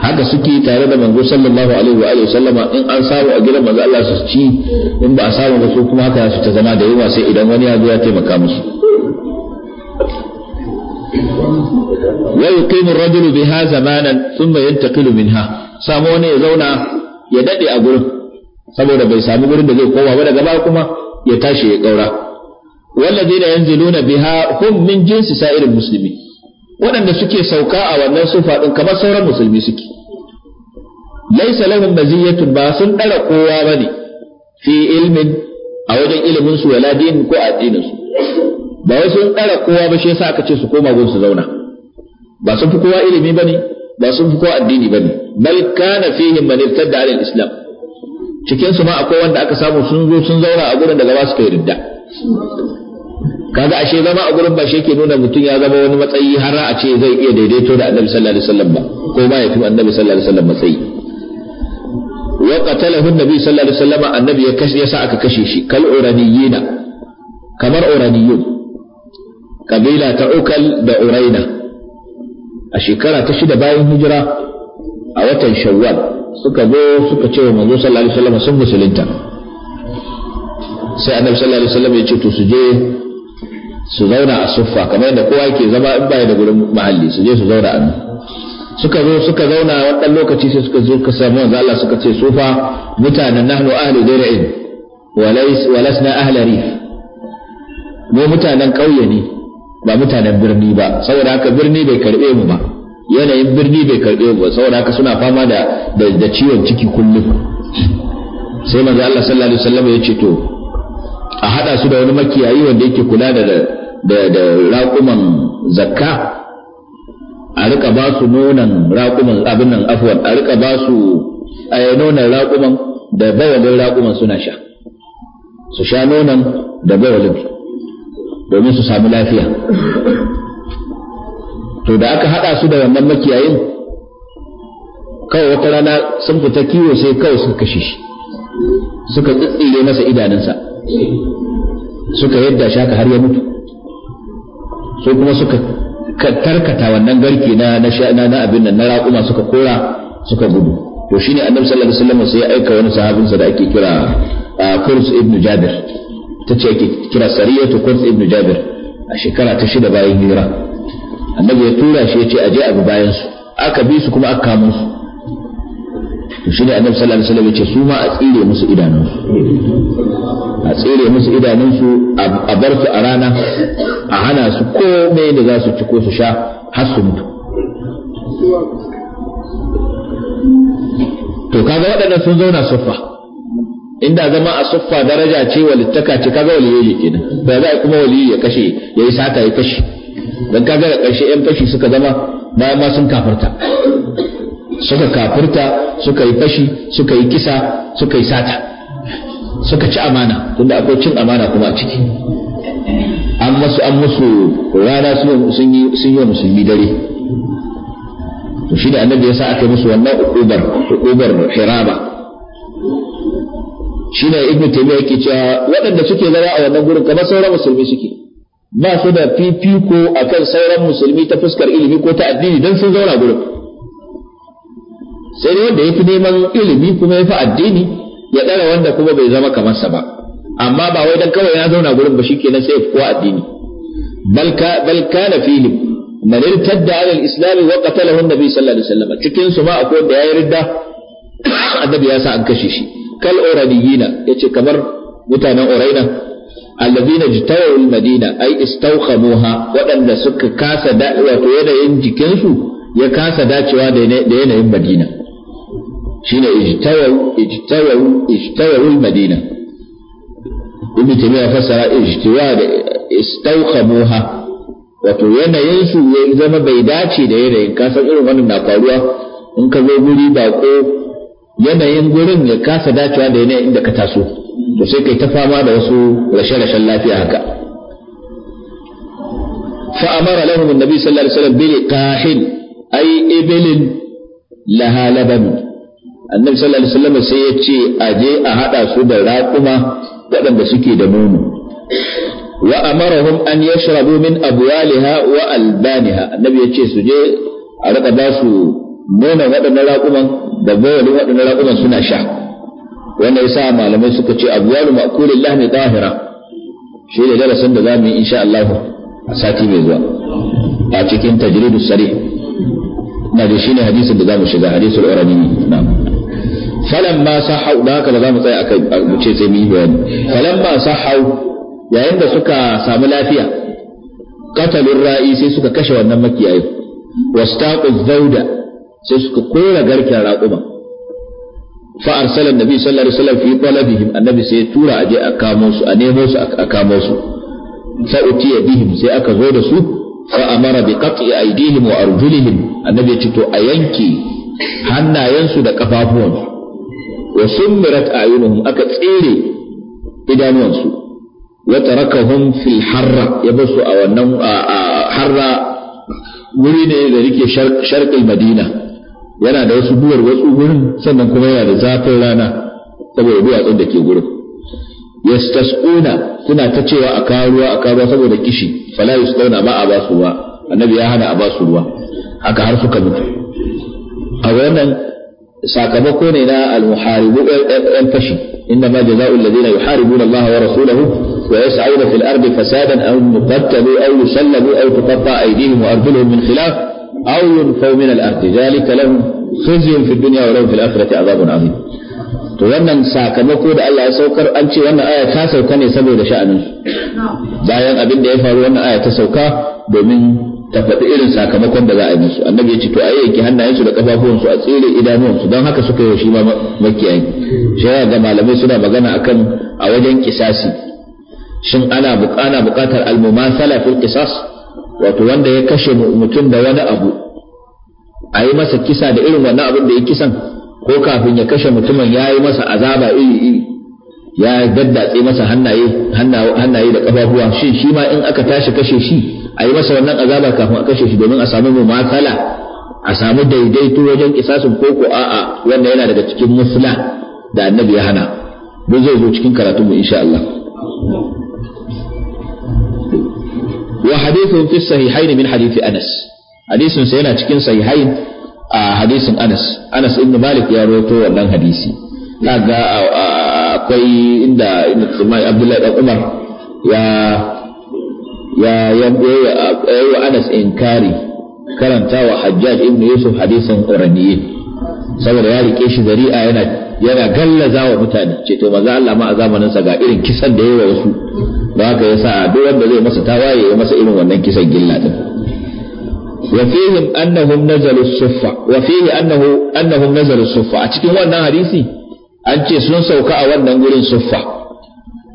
haka suke tare da manzo sallallahu alaihi wa alihi sallama in an samu a gidan manzo Allah su ci in ba a samu ba su kuma haka su ta zama da yawa sai idan wani ya zo ya taimaka musu wa yuqimu ar-rajulu biha zamanan thumma yantaqilu minha samu wani ya zauna ya dade a gurin saboda bai samu gurin da zai kowa ba daga ba kuma ya tashi ya kaura wallazina yanziluna biha hum min jinsi sa'iril muslimin waɗanda suke sauka a wannan sufa din kamar sauran musulmi suke laysa lahum maziyatun ba sun dara kowa ba ne fi ilmin a wajen ilimin su wala din ko addinin su ba wai sun dara kowa ba shi yasa aka ce su koma gun su zauna ba sun fi kowa ilimi ba bane ba sun fi kowa addini bane bal kana fihim man irtadda ala al-islam cikin su ma akwai wanda aka samu sun zo sun zauna a gurin da gaba suka yi ridda kaga ashe zama a gurin ba shi yake nuna mutum ya zama wani matsayi har a ce zai iya daidaito da annabi sallallahu alaihi wasallam ba ko ba ya fi annabi sallallahu alaihi wasallam matsayi wa qatalahu annabi sallallahu alaihi wasallam annabi ya kashe yasa sa aka kashe shi kal uraniyina kamar uraniyun kabila ta ukal da uraina a shekara ta shida bayan hijira a watan shawwal suka zo suka ce wa manzo sallallahu alaihi wasallam sun musulunta sai annabi sallallahu alaihi wasallam ya ce to su je su zauna a suffa kamar yadda kowa yake zama in baya da gurin mahalli su je su zauna a nan suka zo suka zauna wannan lokaci sai suka zo ka samu manzo Allah suka ce sufa mutanen nahnu ahli dir'in walais walasna ahli rif mu mutanen kauye ne ba mutanen birni ba saboda haka birni bai karbe mu ba yanayin birni bai karbe mu ba saboda haka suna fama da da ciwon ciki kullum sai manzo Allah sallallahu alaihi wasallam ya ce to a hada su da wani makiyayi wanda yake kula da da da raƙuman zakka a rika ba su nonan raƙuman abin nan afwan a rika ba su nonan raƙuman da bawalin raƙuman suna sha su sha nonan da bawalin domin su sami lafiya to da aka hada su da wannan makiyayin kawai wata rana sun fita kiwo sai kawai suka kashe shi suka tsitsire masa idanunsa suka yadda shaka har ya mutu su kuma suka tarkata wannan garke na na abin nan na raƙuma suka kora suka gudu to shine annabi sallallahu alaihi wasallam sai ya aika wani sahabinsa da ake kira Qurs ibn Jabir tace ake kira to Qurs ibn Jabir a shekara ta shida bayan hijira annabi ya tura shi ya ce aje abu bayan su aka bi su kuma aka kamo su to shi shine annabi sallallahu alaihi wasallam ce su ma a tsire musu idanunsu a tsire musu idanunsu a bar su a rana a hana su komai da za su ci ko su sha har su mutu to kaga waɗannan sun zauna suffa inda zama a suffa daraja ce walittaka ce kaga waliyi kenan ba za a kuma waliyi ya kashe ya yi sata ya kashe dan kaga da ƙarshe yan fashi suka zama bayan ma sun kafarta suka kafirta suka yi fashi suka yi kisa suka yi sata suka ci amana tunda akwai cin amana kuma a ciki an masu an musu rana sun yi sun yi musulmi dare to shi da annabi sa aka musu wannan uqubar uqubar hiraba shi ne ibnu taymiya yake cewa waɗanda suke zama a wannan gurin kamar sauran musulmi suke ba su da fifiko akan sauran musulmi ta fuskar ilimi ko ta addini dan sun zauna gurin sai wanda ya fi neman ilimi kuma ya fi addini ya ɗara wanda kuma bai zama kamar sa ba amma ba wai dan kawai ya zauna gurin ba shikenan sai ya kowa addini bal ka bal kana fihi man irtadda ala al-islam wa qatalahu an-nabi sallallahu alaihi wasallam cikin su ma akwai da ya ridda *coughs* annabi ya sa an kashe shi kal uraniyina yace kamar mutanen uraina alladhina jitawu al-madina ay istawqamuha waɗanda suka kasa da yanayin jikinsu ya kasa dacewa da yanayin madina shine ijtayaru ijtayaru ijtayaru al-madina ibn taymiya fassara ijtiya da istawqamuha wato yanayin su ya zama bai dace da yanayin ka san irin wannan na faruwa in ka zo guri ba ko yanayin gurin ya kasa dacewa da yanayin inda ka taso to sai kai ta fama da wasu rashe-rashen lafiya haka fa amara lahum annabi sallallahu alaihi wasallam bil qahin ay ibilin laha laban annabi sallallahu alaihi wasallam sai ya ce a je a haɗa su da raƙuma waɗanda suke da nono wa amarahum an yashrabu min abwaliha wa albaniha annabi ya ce su je a rika ba su nonon waɗannan raƙuman da bawalin waɗannan raƙuman suna sha wanda yasa malamai suka ce abwalu ma'kulil lahmi tahira shi ne darasin da zamu yi insha Allah a sati mai zuwa a cikin tajridus sari' na da shine hadisin da zamu shiga hadisul urani na'am falan ma hau, da haka za mu tsaya aka mu ce sai mu yi bayani falan ma hau yayin da suka samu lafiya katalin ra'i sai suka kashe wannan makiyayi wastaqu zauda sai suka kora garken raƙuma fa arsala annabi sallallahu alaihi wasallam fi talabihim annabi sai ya tura aje a kamo su a nemo su a kamo su fa utiya bihim sai aka zo da su fa amara bi qat'i aydihim wa arjulihim annabi ya ce to a yanke hannayensu da kafafuwansu wa summirat ayunuhum aka tsere idanuwansu wa tarakahum fil harra ya basu a wannan harra wuri ne da yake sharqil madina yana da wasu duwar wasu gurin sannan kuma yana da zafin rana saboda duwatsun da ke gurin yastasquna suna ta cewa a kawo ruwa a kawo ruwa saboda kishi fala yusquna ba a basu ruwa annabi ya hana a basu ruwa haka har suka mutu a wannan ساكبكون إلى المحاربون ينفشي إنما جزاء الذين يحاربون الله ورسوله ويسعون في الأرض فسادا أو يقتلوا أو يسلبوا أو تقطع أيديهم وأرجلهم من خلاف أو ينفوا من الأرض ذلك لهم خزي في الدنيا ولهم في الآخرة عذاب عظيم to wannan sakamako الله سوكر أنت وأن آية ce wannan aya ta sauka ne saboda sha'anin bayan abin da ya faru ta faɗi irin sakamakon da za a yi musu annabi ya ce to ai yanki hannayensu da kafafuwansu a tsere idanuwansu don haka suka yi shi ma makiyayi shi ya ga malamai suna magana akan a wajen kisasi shin ana buƙana buƙatar almumathala fil qisas wato wanda ya kashe mutum da wani abu a yi masa kisa da irin wannan abin da ya kisan ko kafin ya kashe mutumin ya yi masa azaba iri iri ya daddatse masa hannaye hannaye da kafafuwa shin shi ma in aka tashi kashe shi a yi masa wannan azaba kafin a kashe shi domin a samu mumakala a samu daidaito wajen kisasin koko a'a wannan yana daga cikin musla da annabi ya hana don zai zo cikin karatun mu insha Allah wa hadithun fi sahihain min hadithi Anas hadisin sa yana cikin sahihain a hadisin Anas Anas ibn Malik ya rawaito wannan hadisi kaga akwai inda Abdullahi dan Umar ya ya yawa anas inkari karanta wa hajjaj ibn yusuf hadisin quraniyin saboda ya rike shi zari'a yana yana gallaza wa mutane ce to maza Allah ma a zamanin sa ga irin kisan da yawa wasu don haka yasa duk wanda zai masa tawaye ya masa irin wannan kisan gilla din وفيهم أنهم نزلوا الصفة وفيه أنه أنهم نزلوا الصفة أتكلم عن حديثي أنت سنسوك أولا نقول الصفة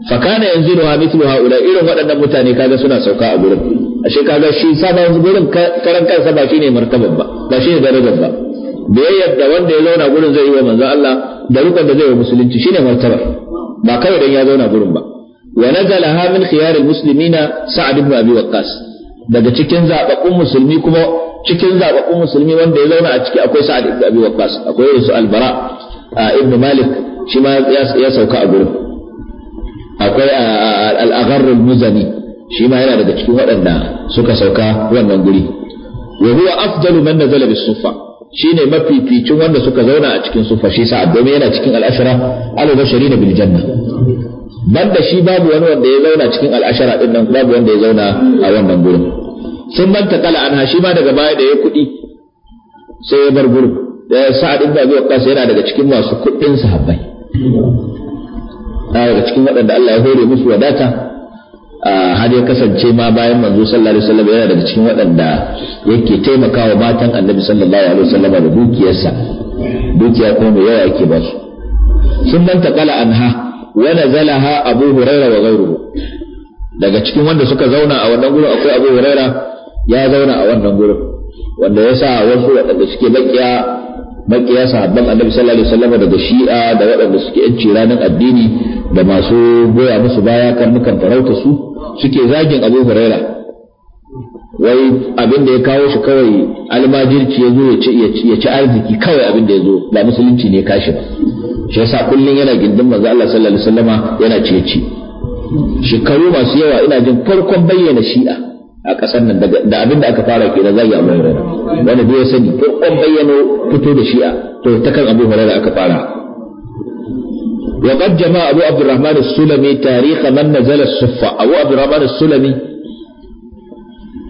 fa kana yanzilu ha mithlu haula irin waɗannan mutane kaga suna sauka a gurin ashe kaga shi sabon gurin karan kansa ba shine martaban ba ba shine darajar ba biyayyar da wanda ya zauna gurin zai yi wa manzo Allah da rukun da zai yi wa musulunci shine martaba ba kawai dan ya zauna gurin ba wa nazala ha min khiyar almuslimina sa'ad ibn abi waqqas daga cikin zababbun musulmi kuma cikin zababbun musulmi wanda ya zauna a ciki akwai sa'ad ibn abi waqqas akwai su albara ibn malik shi ma ya sauka a gurin akwai al-agharr muzani shi ma yana daga cikin waɗanda suka sauka wannan guri wa huwa afdalu man nazala bis sufa shine mafificin wanda suka zauna a cikin sufa shi sa'ad domin yana cikin al-ashra al-basharina bil janna banda shi babu wani wanda ya zauna cikin al-ashra din nan babu wanda ya zauna a wannan gurin sun manta kala anha shi ma daga baya da ya kuɗi sai ya bar gurin da sa'ad ibn abi waqqas yana daga cikin masu kuɗin sahabbai na daga cikin waɗanda Allah ya hore musu wadata har ya kasance ma bayan manzo sallallahu alaihi wasallam yana daga cikin waɗanda yake taimakawa matan annabi sallallahu alaihi wasallam da dukiyarsa dukiya kuma mai yawa yake ba su sun manta taqala anha wa nazalaha abu huraira wa ghayruhu daga cikin wanda suka zauna a wannan gurin akwai abu huraira ya zauna a wannan gurin wanda ya sa wasu waɗanda suke bakiya makiya sahabban annabi sallallahu alaihi wasallam daga shi'a da waɗanda suke yanci ranar addini da masu goya musu baya kan mukan farauta su suke zagin abu huraira wai abin da ya kawo shi kawai almajirci ya zo ya ci arziki kawai abin da ya zo ba musulunci ne kashi ba shi yasa kullum yana gindin manzo Allah sallallahu alaihi wasallama yana ciye-ciye shekaru masu yawa ina jin farkon bayyana shi'a a ƙasar nan da abin da aka fara ke da zagi abu a wanda dai ya sani ko bayyano fito da shi'a to ta kan abu hurara aka fara وقد جمع أبو عبد الرحمن السلمي تاريخ من نزل الصفة أبو عبد الرحمن السلمي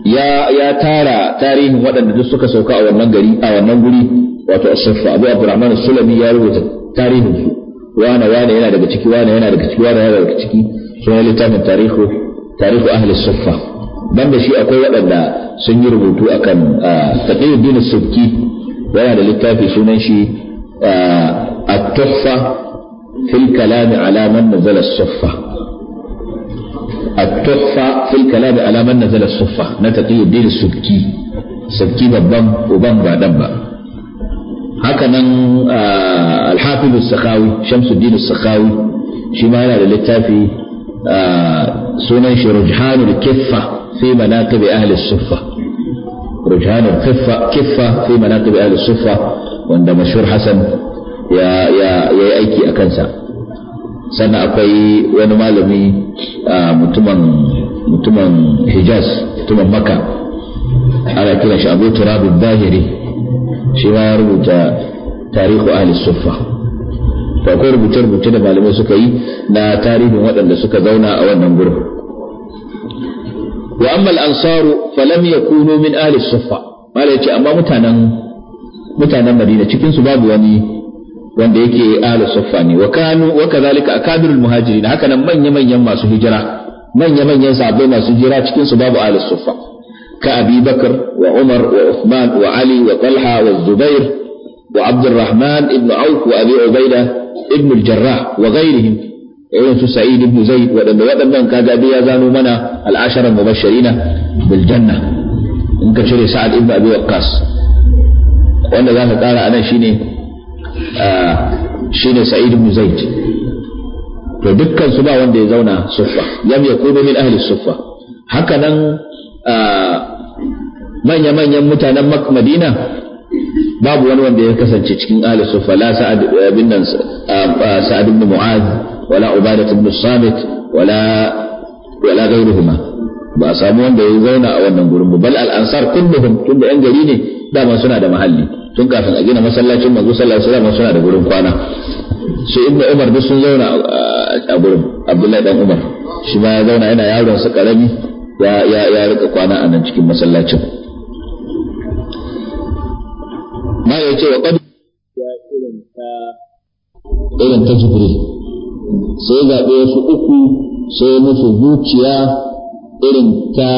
ya tara tarihin waɗanda duk suka sauka a wannan gari a wannan guri wato siffa abu abdurrahman sulami ya rubuta tarihin su wane wane yana daga ciki wane yana daga ciki wane yana daga ciki littafin tarihu banda shi akwai waɗanda sun yi rubutu akan taqiyuddin subki yana da littafi sunan shi a tuffa fil kalam alaman nazala suffa at-tuhfa fil kalam ala man nazala as-suffa na subki subki babban uban ba dan ba haka nan al-hafiz as yana da littafi sunan shi rujhanul kiffa fi manaqib ahli suffa rujhanul kiffa kiffa fi manaqib ahli suffa wanda mashhur hasan ya ya aiki a kansa sannan akwai wani malami mutumin mutumin Hijaz mutumin Makka ana kiran shi Abu Turab dahiri bahiri shi ma ya rubuta tarihu ahli suffa to akwai rubuce-rubuce da malamai suka yi na tarihin waɗanda suka zauna a wannan gurin wa amma al-ansaru falam kuno min ahli suffa malai yace amma mutanen mutanen Madina babu wani wanda yake ahli suffa ne wa kanu wa kazalika akabirul muhajirin haka nan manya manyan masu hijira manya manyan sahabbai masu hijira cikinsu babu ahli suffa ka Abi Bakar wa Umar wa Uthman wa Ali wa Talha wa Zubair وعبد الرحمن ابن عوف وأبي عبيدة ابن الجراح وغيرهم irin su sa'id zaid waɗanda waɗannan kaga dai ya zano mana al'ashara mubashirina bil janna in ka cire sa'ad ibn abi waqqas wanda za ka ƙara anan shine shine zaid to dukkan su ba wanda ya zauna suffa yam yakunu min ahli suffa haka nan manya manyan mutanen madina babu wani wanda ya kasance cikin ahli sufa la sa'ad eh, ibn ah, ah, sa'ad ibn mu'adh wala ubadah ibn samit wala wala ghayruhuma ba a samu wanda ya zauna a wannan gurin bal al ansar kulluhum tunda yan gari ne dama suna da mahalli tun kafin a gina masallacin manzo sallallahu alaihi wasallam suna da gurin kwana su Ibn umar duk sun zauna ah, a gurin abdullahi dan umar shi ma ya zauna yana yaron su karami ya ya ya rika kwana a nan cikin masallacin ma ya ce wa kadu ya irin ta irin ta jibril sai zaɓe wasu uku sai musu zuciya irin ta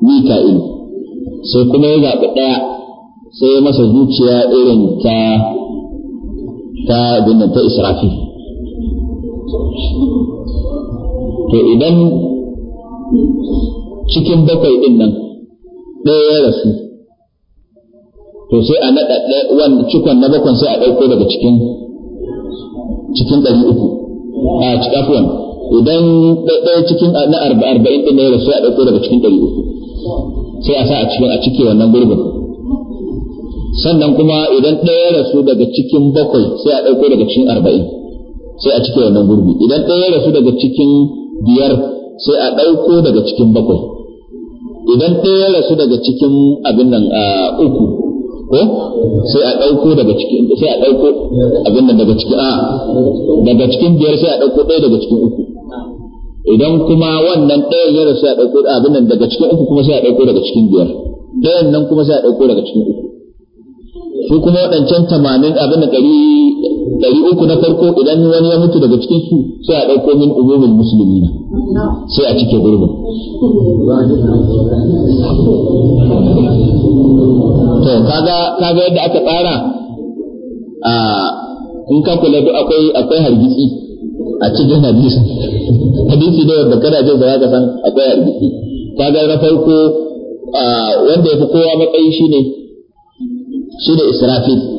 mika'il sai kuma ya zaɓi ɗaya sai ya masa zuciya irin ta ta binnan ta israfi to idan cikin bakwai ɗin nan ɗaya ya rasu to sai a naɗa wanda cikon na bakon sai a ɗauko daga cikin cikin ɗari uku a cikafuwan idan ɗaya cikin na arba'in ɗin naira sai a ɗauko daga cikin ɗari uku sai a sa a cikin a cike wannan gurbin sannan kuma idan ɗaya ya rasu daga cikin bakwai sai a ɗauko daga cikin arba'in sai a cike wannan gurbi idan ɗaya ya rasu daga cikin biyar sai a ɗauko daga cikin bakwai idan ɗaya ya rasu daga cikin abin nan a uku ko sai a ɗauko daga cikin sai a ɗauko abin nan daga cikin a daga cikin biyar sai a ɗauko ɗaya daga cikin uku idan kuma wannan ɗayan yana sai a ɗauko abin nan daga cikin uku kuma sai a ɗauko daga cikin biyar ɗayan nan kuma sai a ɗauko daga cikin uku su kuma waɗancan tamanin abin da ɗari ɗari uku na farko idan wani ya mutu daga cikin su sai a ɗauko min umumin musulmi sai a cike gurbin to kaga kaga yadda aka tsara a in ka kula duk akwai akwai hargitsi a cikin hadisi hadisi ne wanda kada je zaka san akwai hargitsi kaga na farko wanda ya fi kowa matsayi shine shine israfil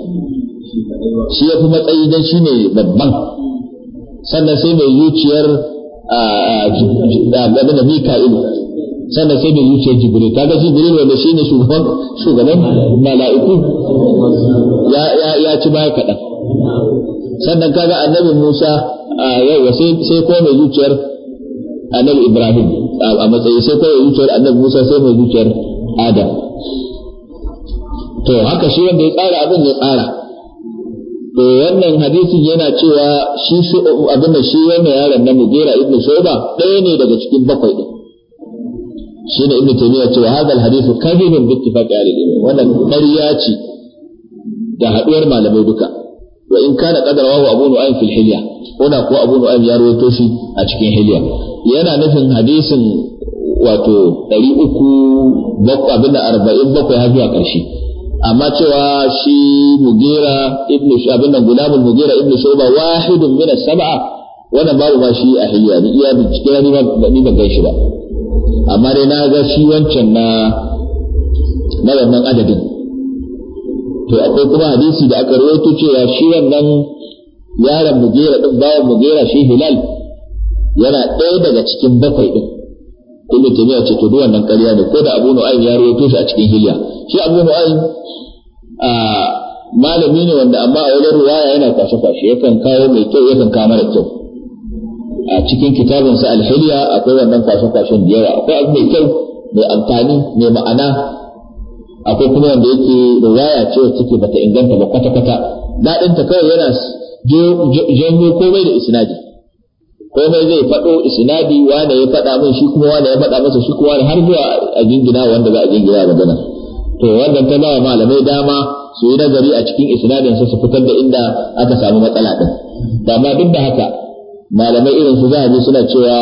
shi ya fi matsayi don shi ne babban sannan sai mai zuciyar abin da mika'il sannan sai mai zuciyar jibril kaga jibril wanda shi ne shugaban mala'iku ya ci baya kaɗan sannan kaga annabi musa yau sai ko mai zuciyar annabi ibrahim a matsayi sai ko mai zuciyar annabi musa sai mai zuciyar adam to haka shi wanda ya tsara abin ya tsara Eh, wannan hadisin yana cewa shi shi abin da shi wannan yaron na Mugira ibn Shuba ɗaya ne daga cikin bakwai din ne ibn ce cewa hadal hadisu kadhibun bi ittifaqi al-ilm wannan ƙarya ce da haduwar malamai duka wa in kana qad wa Abu Nu'aym fil Hilya koda ko Abu Nu'aym ya rawaito shi a cikin Hilya yana nufin hadisin wato 300 abin da 47 har zuwa ƙarshe amma cewa shi mugira ibnu abin nan mun mugira ibnu shuba wahidun min as-sab'a wannan babu ba shi a hayya ni iya cikin ni ba ni ba gaishe ba amma dai na ga shi wancan na na wannan adadin to akwai kuma hadisi da aka rawaito cewa shi wannan yaran mugira din bayan mugira shi hilal yana ɗaya daga cikin bakwai din ibnu taymiya ce to duk wannan ƙarya ne ko da abu nu'aym ya rawaito shi a cikin hilya shi abu a malami ne wanda amma a wajen ruwaya yana kwashe kwashe yakan kawo mai kyau yakan kawo mara kyau a cikin kitabinsa alhiliya akwai wannan kwashe kwashen da yawa akwai abu mai kyau mai amfani mai ma'ana akwai kuma wanda yake ruwaya ce wacce take bata inganta ba kwata kwata ta kawai yana janyo komai da isnadi komai zai faɗo isnadi wane ya faɗa min shi kuma wane ya faɗa masa shi kuma har zuwa a jingina wanda za a jingina magana to wannan ta ba malamai dama su yi nazari a cikin isnadin su fitar da inda aka samu matsala din da ma duk da haka malamai irin su zahabi suna cewa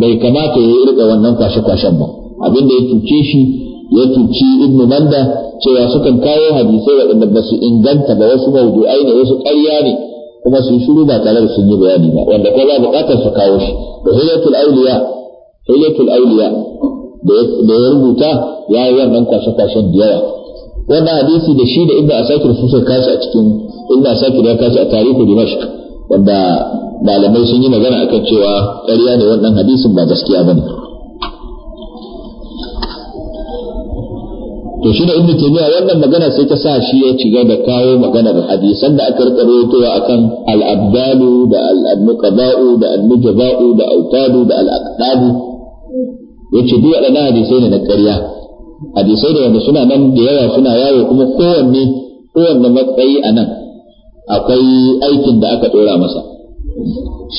bai kamata ya rika wannan kwashe kwashen ba abin da ya tuce shi ya tuci ibnu manda cewa sukan kawo hadisai waɗanda ba su inganta ba wasu mawdu'ai ne wasu ƙarya ne kuma sun shiru ba tare da sun yi bayani ba wanda ko ba buƙatar su kawo shi da hilatul auliya hilatul auliya da ya rubuta ya yi wannan kwashe-kwashen da yawa wannan hadisi da shi da ibn asakir su suka kasa a cikin ibn asakir ya kasa a tarihu dimashq wanda malamai sun yi magana akan cewa ƙarya ne wannan hadisin ba gaskiya ne. to shi da ibn taymiya wannan magana sai ta sa shi ya ci da kawo maganar hadisan da aka rika rawaitowa akan al-abdalu da al-muqada'u da al-mujaba'u da autadu da al-aqdabu yace duk waɗannan hadisai ne na ƙarya hadisai da wanda suna nan da yawa suna yawo kuma kowanne kowanne matsayi a nan akwai aikin da aka ɗora masa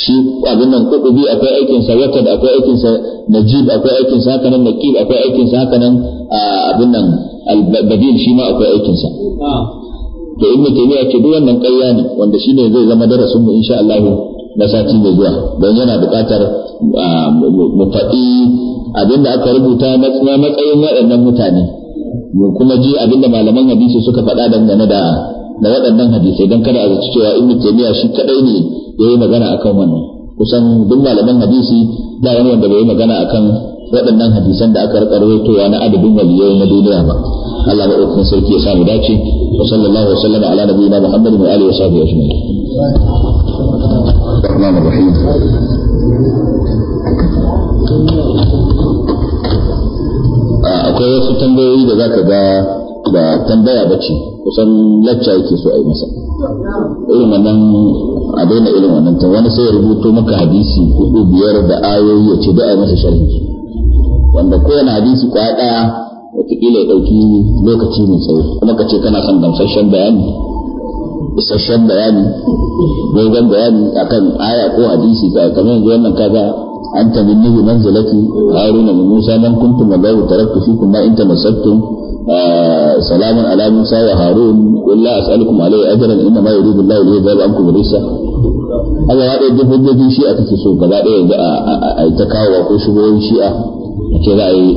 shi abin nan kuɗubi akwai aikin sa wakad akwai aikin sa najib akwai aikin sa hakanan nakib akwai aikin sa hakanan abin nan albadil shi ma akwai aikin sa to mutum ne ce duk wannan ƙarya ne wanda shine zai zama darasin mu insha Allah na sati mai zuwa don yana buƙatar mu faɗi abin da aka rubuta na matsayin waɗannan mutane mu kuma ji abin da malaman hadisi suka faɗa dangane da da waɗannan hadisai don kada a zaci cewa ibnu taymiya shi kadai ne yayi magana akan wannan kusan duk malaman hadisi da wani wanda bai magana akan waɗannan hadisan da aka rawaitowa na adadin waliyoyi na duniya ba Allah ba ɗaukin sarki ya samu dace wa sallallahu wa sallama ala nabiyina Muhammad wa alihi wa sahbihi ajma'in. Rahman Rahim. akwai wasu tambayoyi da zaka ga ba tambaya ba ce, kusan lacca yake so a yi masa irin wannan a daina irin wannan ta wani sai ya rubuto maka hadisi hudu biyar da ayoyi ya ce da masa sharhi wanda kowane hadisi a daya wataƙila ya ɗauki lokaci mai tsawo kuma ka ce kana son gamsasshen bayani isasshen bayani dogon bayani akan aya ko hadisi kamar yanzu wannan kaga أنت مني بمنزلتي هارون من موسى من كنتم والله تركت فيكم ما إن تمسكتم آه سلام على موسى وهارون قل لا أسألكم عليه أجرا إنما يريد الله ليذهب عنكم الرجس هذا هذا يجب الذي شيء تكسو كذا تكاوى ko shugaban shi'a ke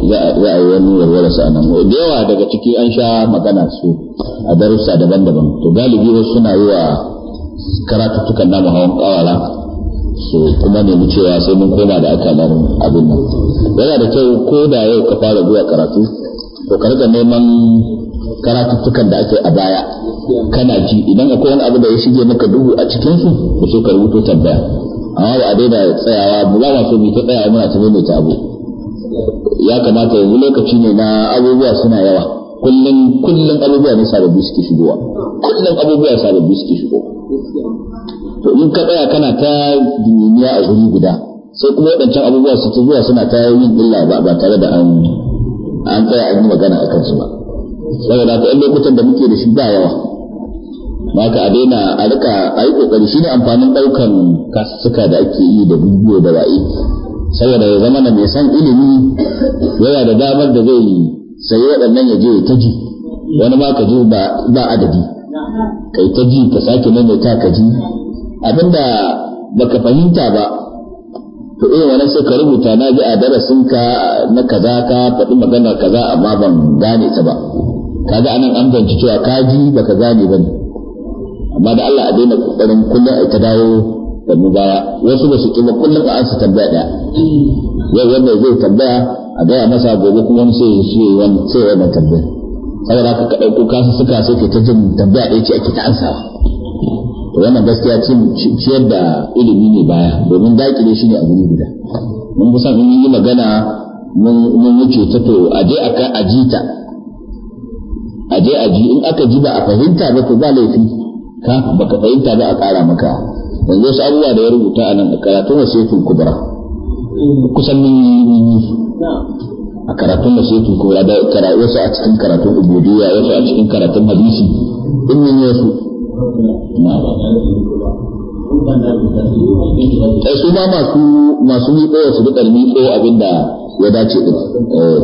za a yi wani warware sa'anan da yawa daga ciki an sha magana su a darussa daban-daban to galibi wasu suna yi wa karatuttukan namu hawan kawala su kuma nemi cewa sai mun koma da akalar abin nan yana da kyau ko da yau ka fara zuwa karatu to ka rika neman karatuttukan da ake a baya kana ji idan akwai wani abu da ya shige maka dubu a cikin su to so ka rubuto tambaya amma ba a daina tsayawa mu za mu so mu ta tsaya muna ta maimaita abu ya kamata yanzu lokaci ne na abubuwa suna yawa kullum kullum abubuwa ne sababbi suke shigowa kullum abubuwa sababbi suke shigowa to in ka tsaya kana ta duniya a guri guda sai kuma waɗancan abubuwa su zuwa suna ta yin illa ba ba tare da an an tsaya an yi magana a kansu ba saboda ta lokutan da muke da shi ba yawa ma ka a daina a rika a yi kokari shine amfanin ɗaukan kasuka da ake yi da bidiyo da wa'i saboda ya zama na mai san ilimi yana da damar da zai sayi waɗannan ya je ya ta ji wani ma ka ji ba adadi kai ta ji ka sake maimaita ka ji abinda baka fahimta ba to eh wannan sai ka rubuta na ji a darasin ka na kaza ka faɗi magana kaza amma ban gane ta ba kaga anan an banci cewa ji baka gane ba amma da Allah a daina kokarin kullum a ta dawo da mu baya wasu ba su ba kullum ba an tambaya ɗaya yau wanda zai tambaya a gaya masa gobe kuma wani sai shi wani sai wannan tambaya saboda haka ka ɗauko kasu suka sai ke ta jin tambaya ɗaya ce ake ta ansawa wannan gaskiya ciyar da ilimi ne baya domin dakile shi ne a guri guda mun fi san yi magana mun wuce ta to aje aka ajita aje aji in aka ji ba a fahimta ba to ba laifi ka baka fahimta ba a kara maka yanzu wasu abubuwa da ya rubuta a nan a karatun wasiyatul kubra kusan mun yi yi a karatun wasiyatul kubra da wasu a cikin karatun ubudiyya wasu a cikin karatun hadisi in mun yi wasu eh su ba masu masu miƙo su duka miƙo abinda ya dace da. Eh.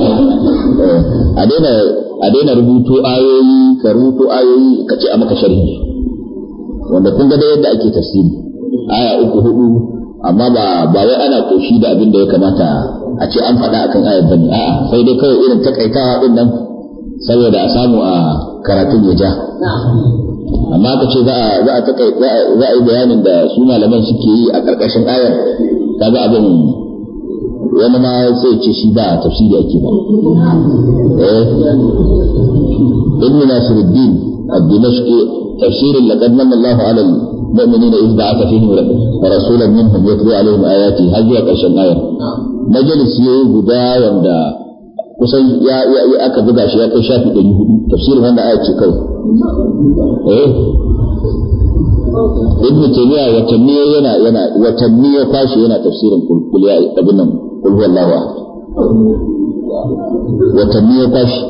Eh. a daina a daina rubuto ayoyi ka rubuto ayoyi ka ce a maka sharhi wanda kun ga da yadda ake tafsiri aya uku hudu amma ba ba wai ana koshi da abin da ya kamata a ce an faɗa akan ayar bane a'a sai dai kawai irin takaitawa din nan saboda a samu a karatun ya ja amma ka ce za a yi bayanin da su malaman suke yi a ƙarƙashin ayar kaga abin wani ma sai ce shi ba tafsiri ake ba eh ibn nasiruddin ad-dimashqi tafsirin laqad manna Allahu 'ala المؤمنين إذ بعث فيهم رسولا منهم يتلو har آياته ƙarshen قرشن Majalis مجلس guda wanda. kusan ya aka buga shi ya kai shafi ɗari hudu tafsirin wanda aya ce kawai eh ibn taymiya watanni yana yana watanni ya fashi yana tafsirin kul ya abin nan kul huwallahu ahad watanni ya fashi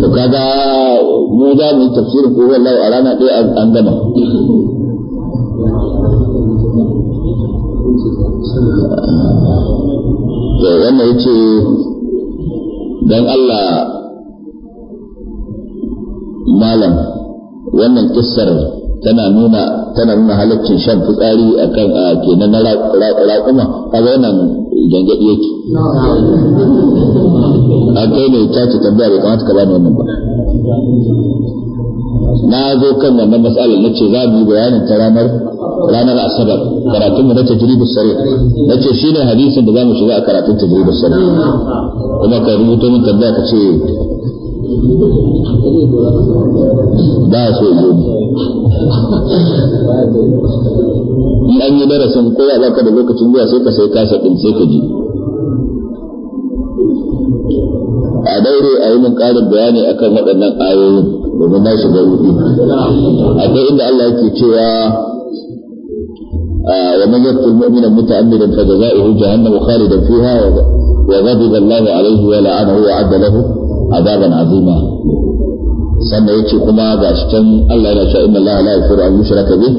to kaga mu za mu tafsirin kul huwallahu a rana ɗaya an gama to wannan yace dan Allah malam wannan kissar tana nuna tana nuna halaccin shan fitsari akan a kenan na raƙuma a wannan gangadi yake a kai ne ta ce tambaya bai kamata ka bani wannan ba na zo kan wannan matsalar na ce za mu yi bayanin ta ranar ranar asabar karatun mu na tajribus sarih nace shine hadisin da zamu shiga a karatun tajribus sarih kuma ka rubuto min tambaya ka ce ba so yi in an yi darasin ko ya baka da lokacin zuwa sai ka sai kasa din sai ka ji a daure a yi min ƙarin bayani akan waɗannan ayoyin domin na shiga ruɗi akwai inda Allah yake cewa ومن يقتل مؤمنا متعمدا فجزاؤه جهنم خالدا فيها وغضب الله عليه ولعنه وأعد له عذابا عظيما sannan ya ce kuma ga shi can Allah yana cewa inna Allah la yaghfiru an yushraka bih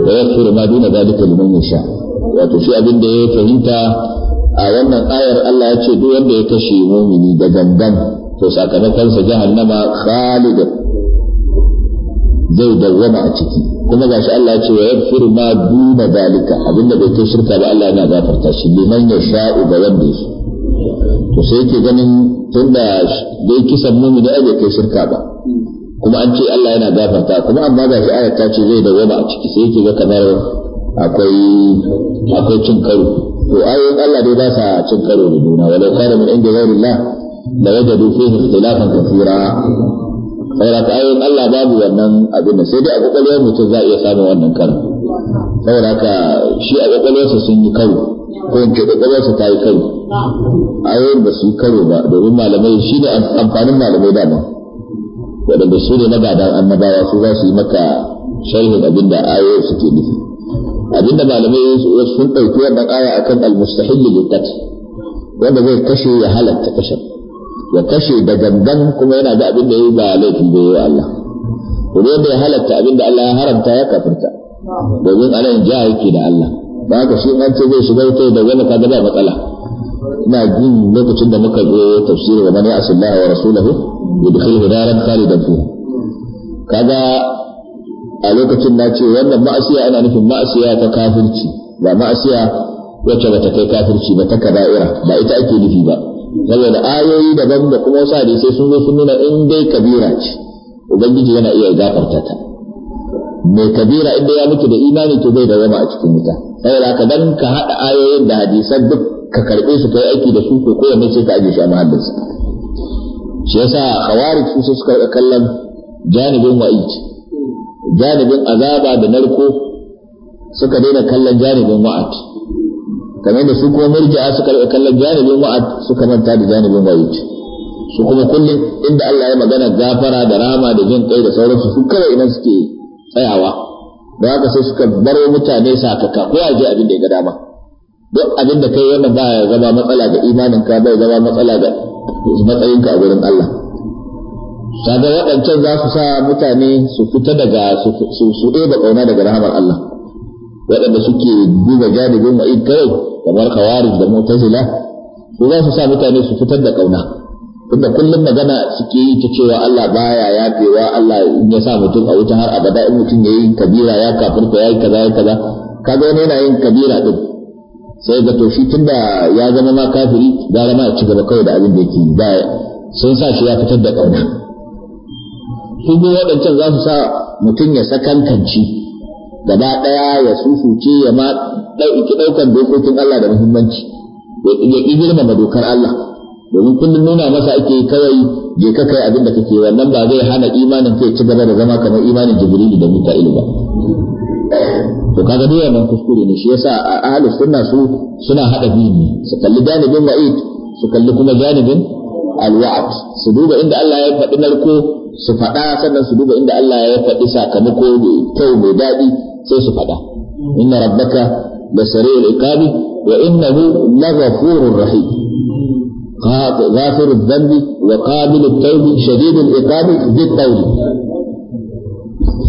wa yaghfiru ma duna zalika liman yasha wato shi abin ya fahimta a wannan ayar Allah ya ce duk wanda ya kashe mumini da gangan to sakamakon sa jahannama khalid zai dawwama a ciki kuma shi Allah ya ce wa yaghfiru ma duna dalika abinda bai kai shirka ba Allah yana gafarta shi liman yasha'u ga wanda yake to sai yake ganin tun da dai kisan mumi da bai kai shirka ba kuma an ce Allah yana gafarta kuma amma gashi ayat ta ce zai da dawoma a ciki sai yake ga kamar akwai akwai cin karo to ayoyin Allah dai ba sa cin karo da juna walau kana min inda ghairillah la wajadu fihi ikhtilafan kathira saboda ka ayoyin Allah babu wannan abin nan sai dai a kwakwalwar mutum za a iya samun wannan karo saboda ka shi a kwakwalwarsa sun yi karo ko in ce kwakwalwarsa ta yi karo ayoyin ba su yi karo ba domin malamai shi ne amfanin malamai dama waɗanda su ne na magadan annabawa su za su yi maka sharhin abin da ayoyin suke nufi abin da malamai sun ɗauki wannan aya akan al-mustahil lil wanda zai kashe ya halatta kashe ya kashe da gangan kuma yana ga abin da ya yi ba laifin da ya Allah to ne da ya halatta abin da Allah ya haramta ya kafirta domin anan ja yake da Allah ba ka shi an ce zai shiga wuta da wani ka gaba matsala ina jin lokacin da muka zo tafsirin wa mani ya'sillahu wa rasulahu yudkhiluhu daran khalidan fiha kaga a lokacin na ce wannan ma'asiya ana nufin ma'asiya ta kafirci ba ma'asiya wacce ba ta kai kafirci ba ta kada'ira ba ita ake nufi ba da ayoyi daban da kuma wasu hadisai sun zo sun nuna in dai kabira ce ubangiji yana iya gafarta ta mai kabira inda ya mutu da imani to bai da zama a cikin wuta saboda haka dan ka hada ayoyin da hadisan duk ka karbe su kai aiki da su ko kowanne sai ka aje shi a mahallin shi yasa kawari su suka kallon janibin wa'id janibin azaba da narko suka daina kallon janibin wa'ad kamar da su kuma a suka rika kallon janibin wa'ad suka manta da janibin wa'id su kuma kullum inda Allah ya magana gafara da rama da jin kai da sauransu su kawai idan suke tsayawa da haka sai suka baro mutane ka ko ya je abin da ya ga dama duk abin da kai wannan ba ya zama matsala ga imanin ka bai zama matsala ga matsayin ka a gurin Allah kaga waɗancan za su sa mutane su fita daga su su ɗeba ƙauna daga rahamar Allah waɗanda suke duba jadibin wa'id kawai kamar khawarij da mutazila su za su sa mutane su fitar da kauna tunda kullum magana suke yi ta cewa Allah baya fewa Allah in ya sa mutum a wuta har abada in mutum ya yi kabira ya kafirta ya yi kaza ya kaza kaga wani yana yin kabira din sai ga to shi tunda ya zama ma kafiri gara ma ya ci gaba kawai da abin da yake yi sun sa shi ya fitar da kauna su waɗancan za su sa mutum ya sakankanci gaba ɗaya ya susuce ya ma ɗauki ɗaukar dokokin Allah da muhimmanci ya ƙi girmama dokar Allah domin kullum nuna masa ake kawai je ka kai abin da kake wannan ba zai hana imanin kai ci gaba da zama kamar imanin jibril da Mika'ilu ba to kaga dai wannan kuskure ne shi yasa ahlus sunna su suna hada bini su kalli janibin wa'id su kalli kuma janibin alwa'd su duba inda Allah ya faɗi narko su faɗa sannan su duba inda Allah ya faɗi sakamako da kyau mai daɗi sai su faɗa inna rabbaka da sarayyar ikabi wa غافر الذنب وقابل التوب شديد العقاب ذي التوب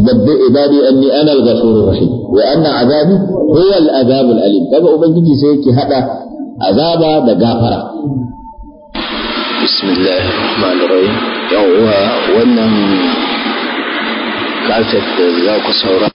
نبئ عبادي اني انا الغفور الرحيم وان عذابي هو العذاب الاليم كما ابنتي سيك هذا عذاب بغافر بسم الله الرحمن الرحيم يوها وانا كافت لو كسورا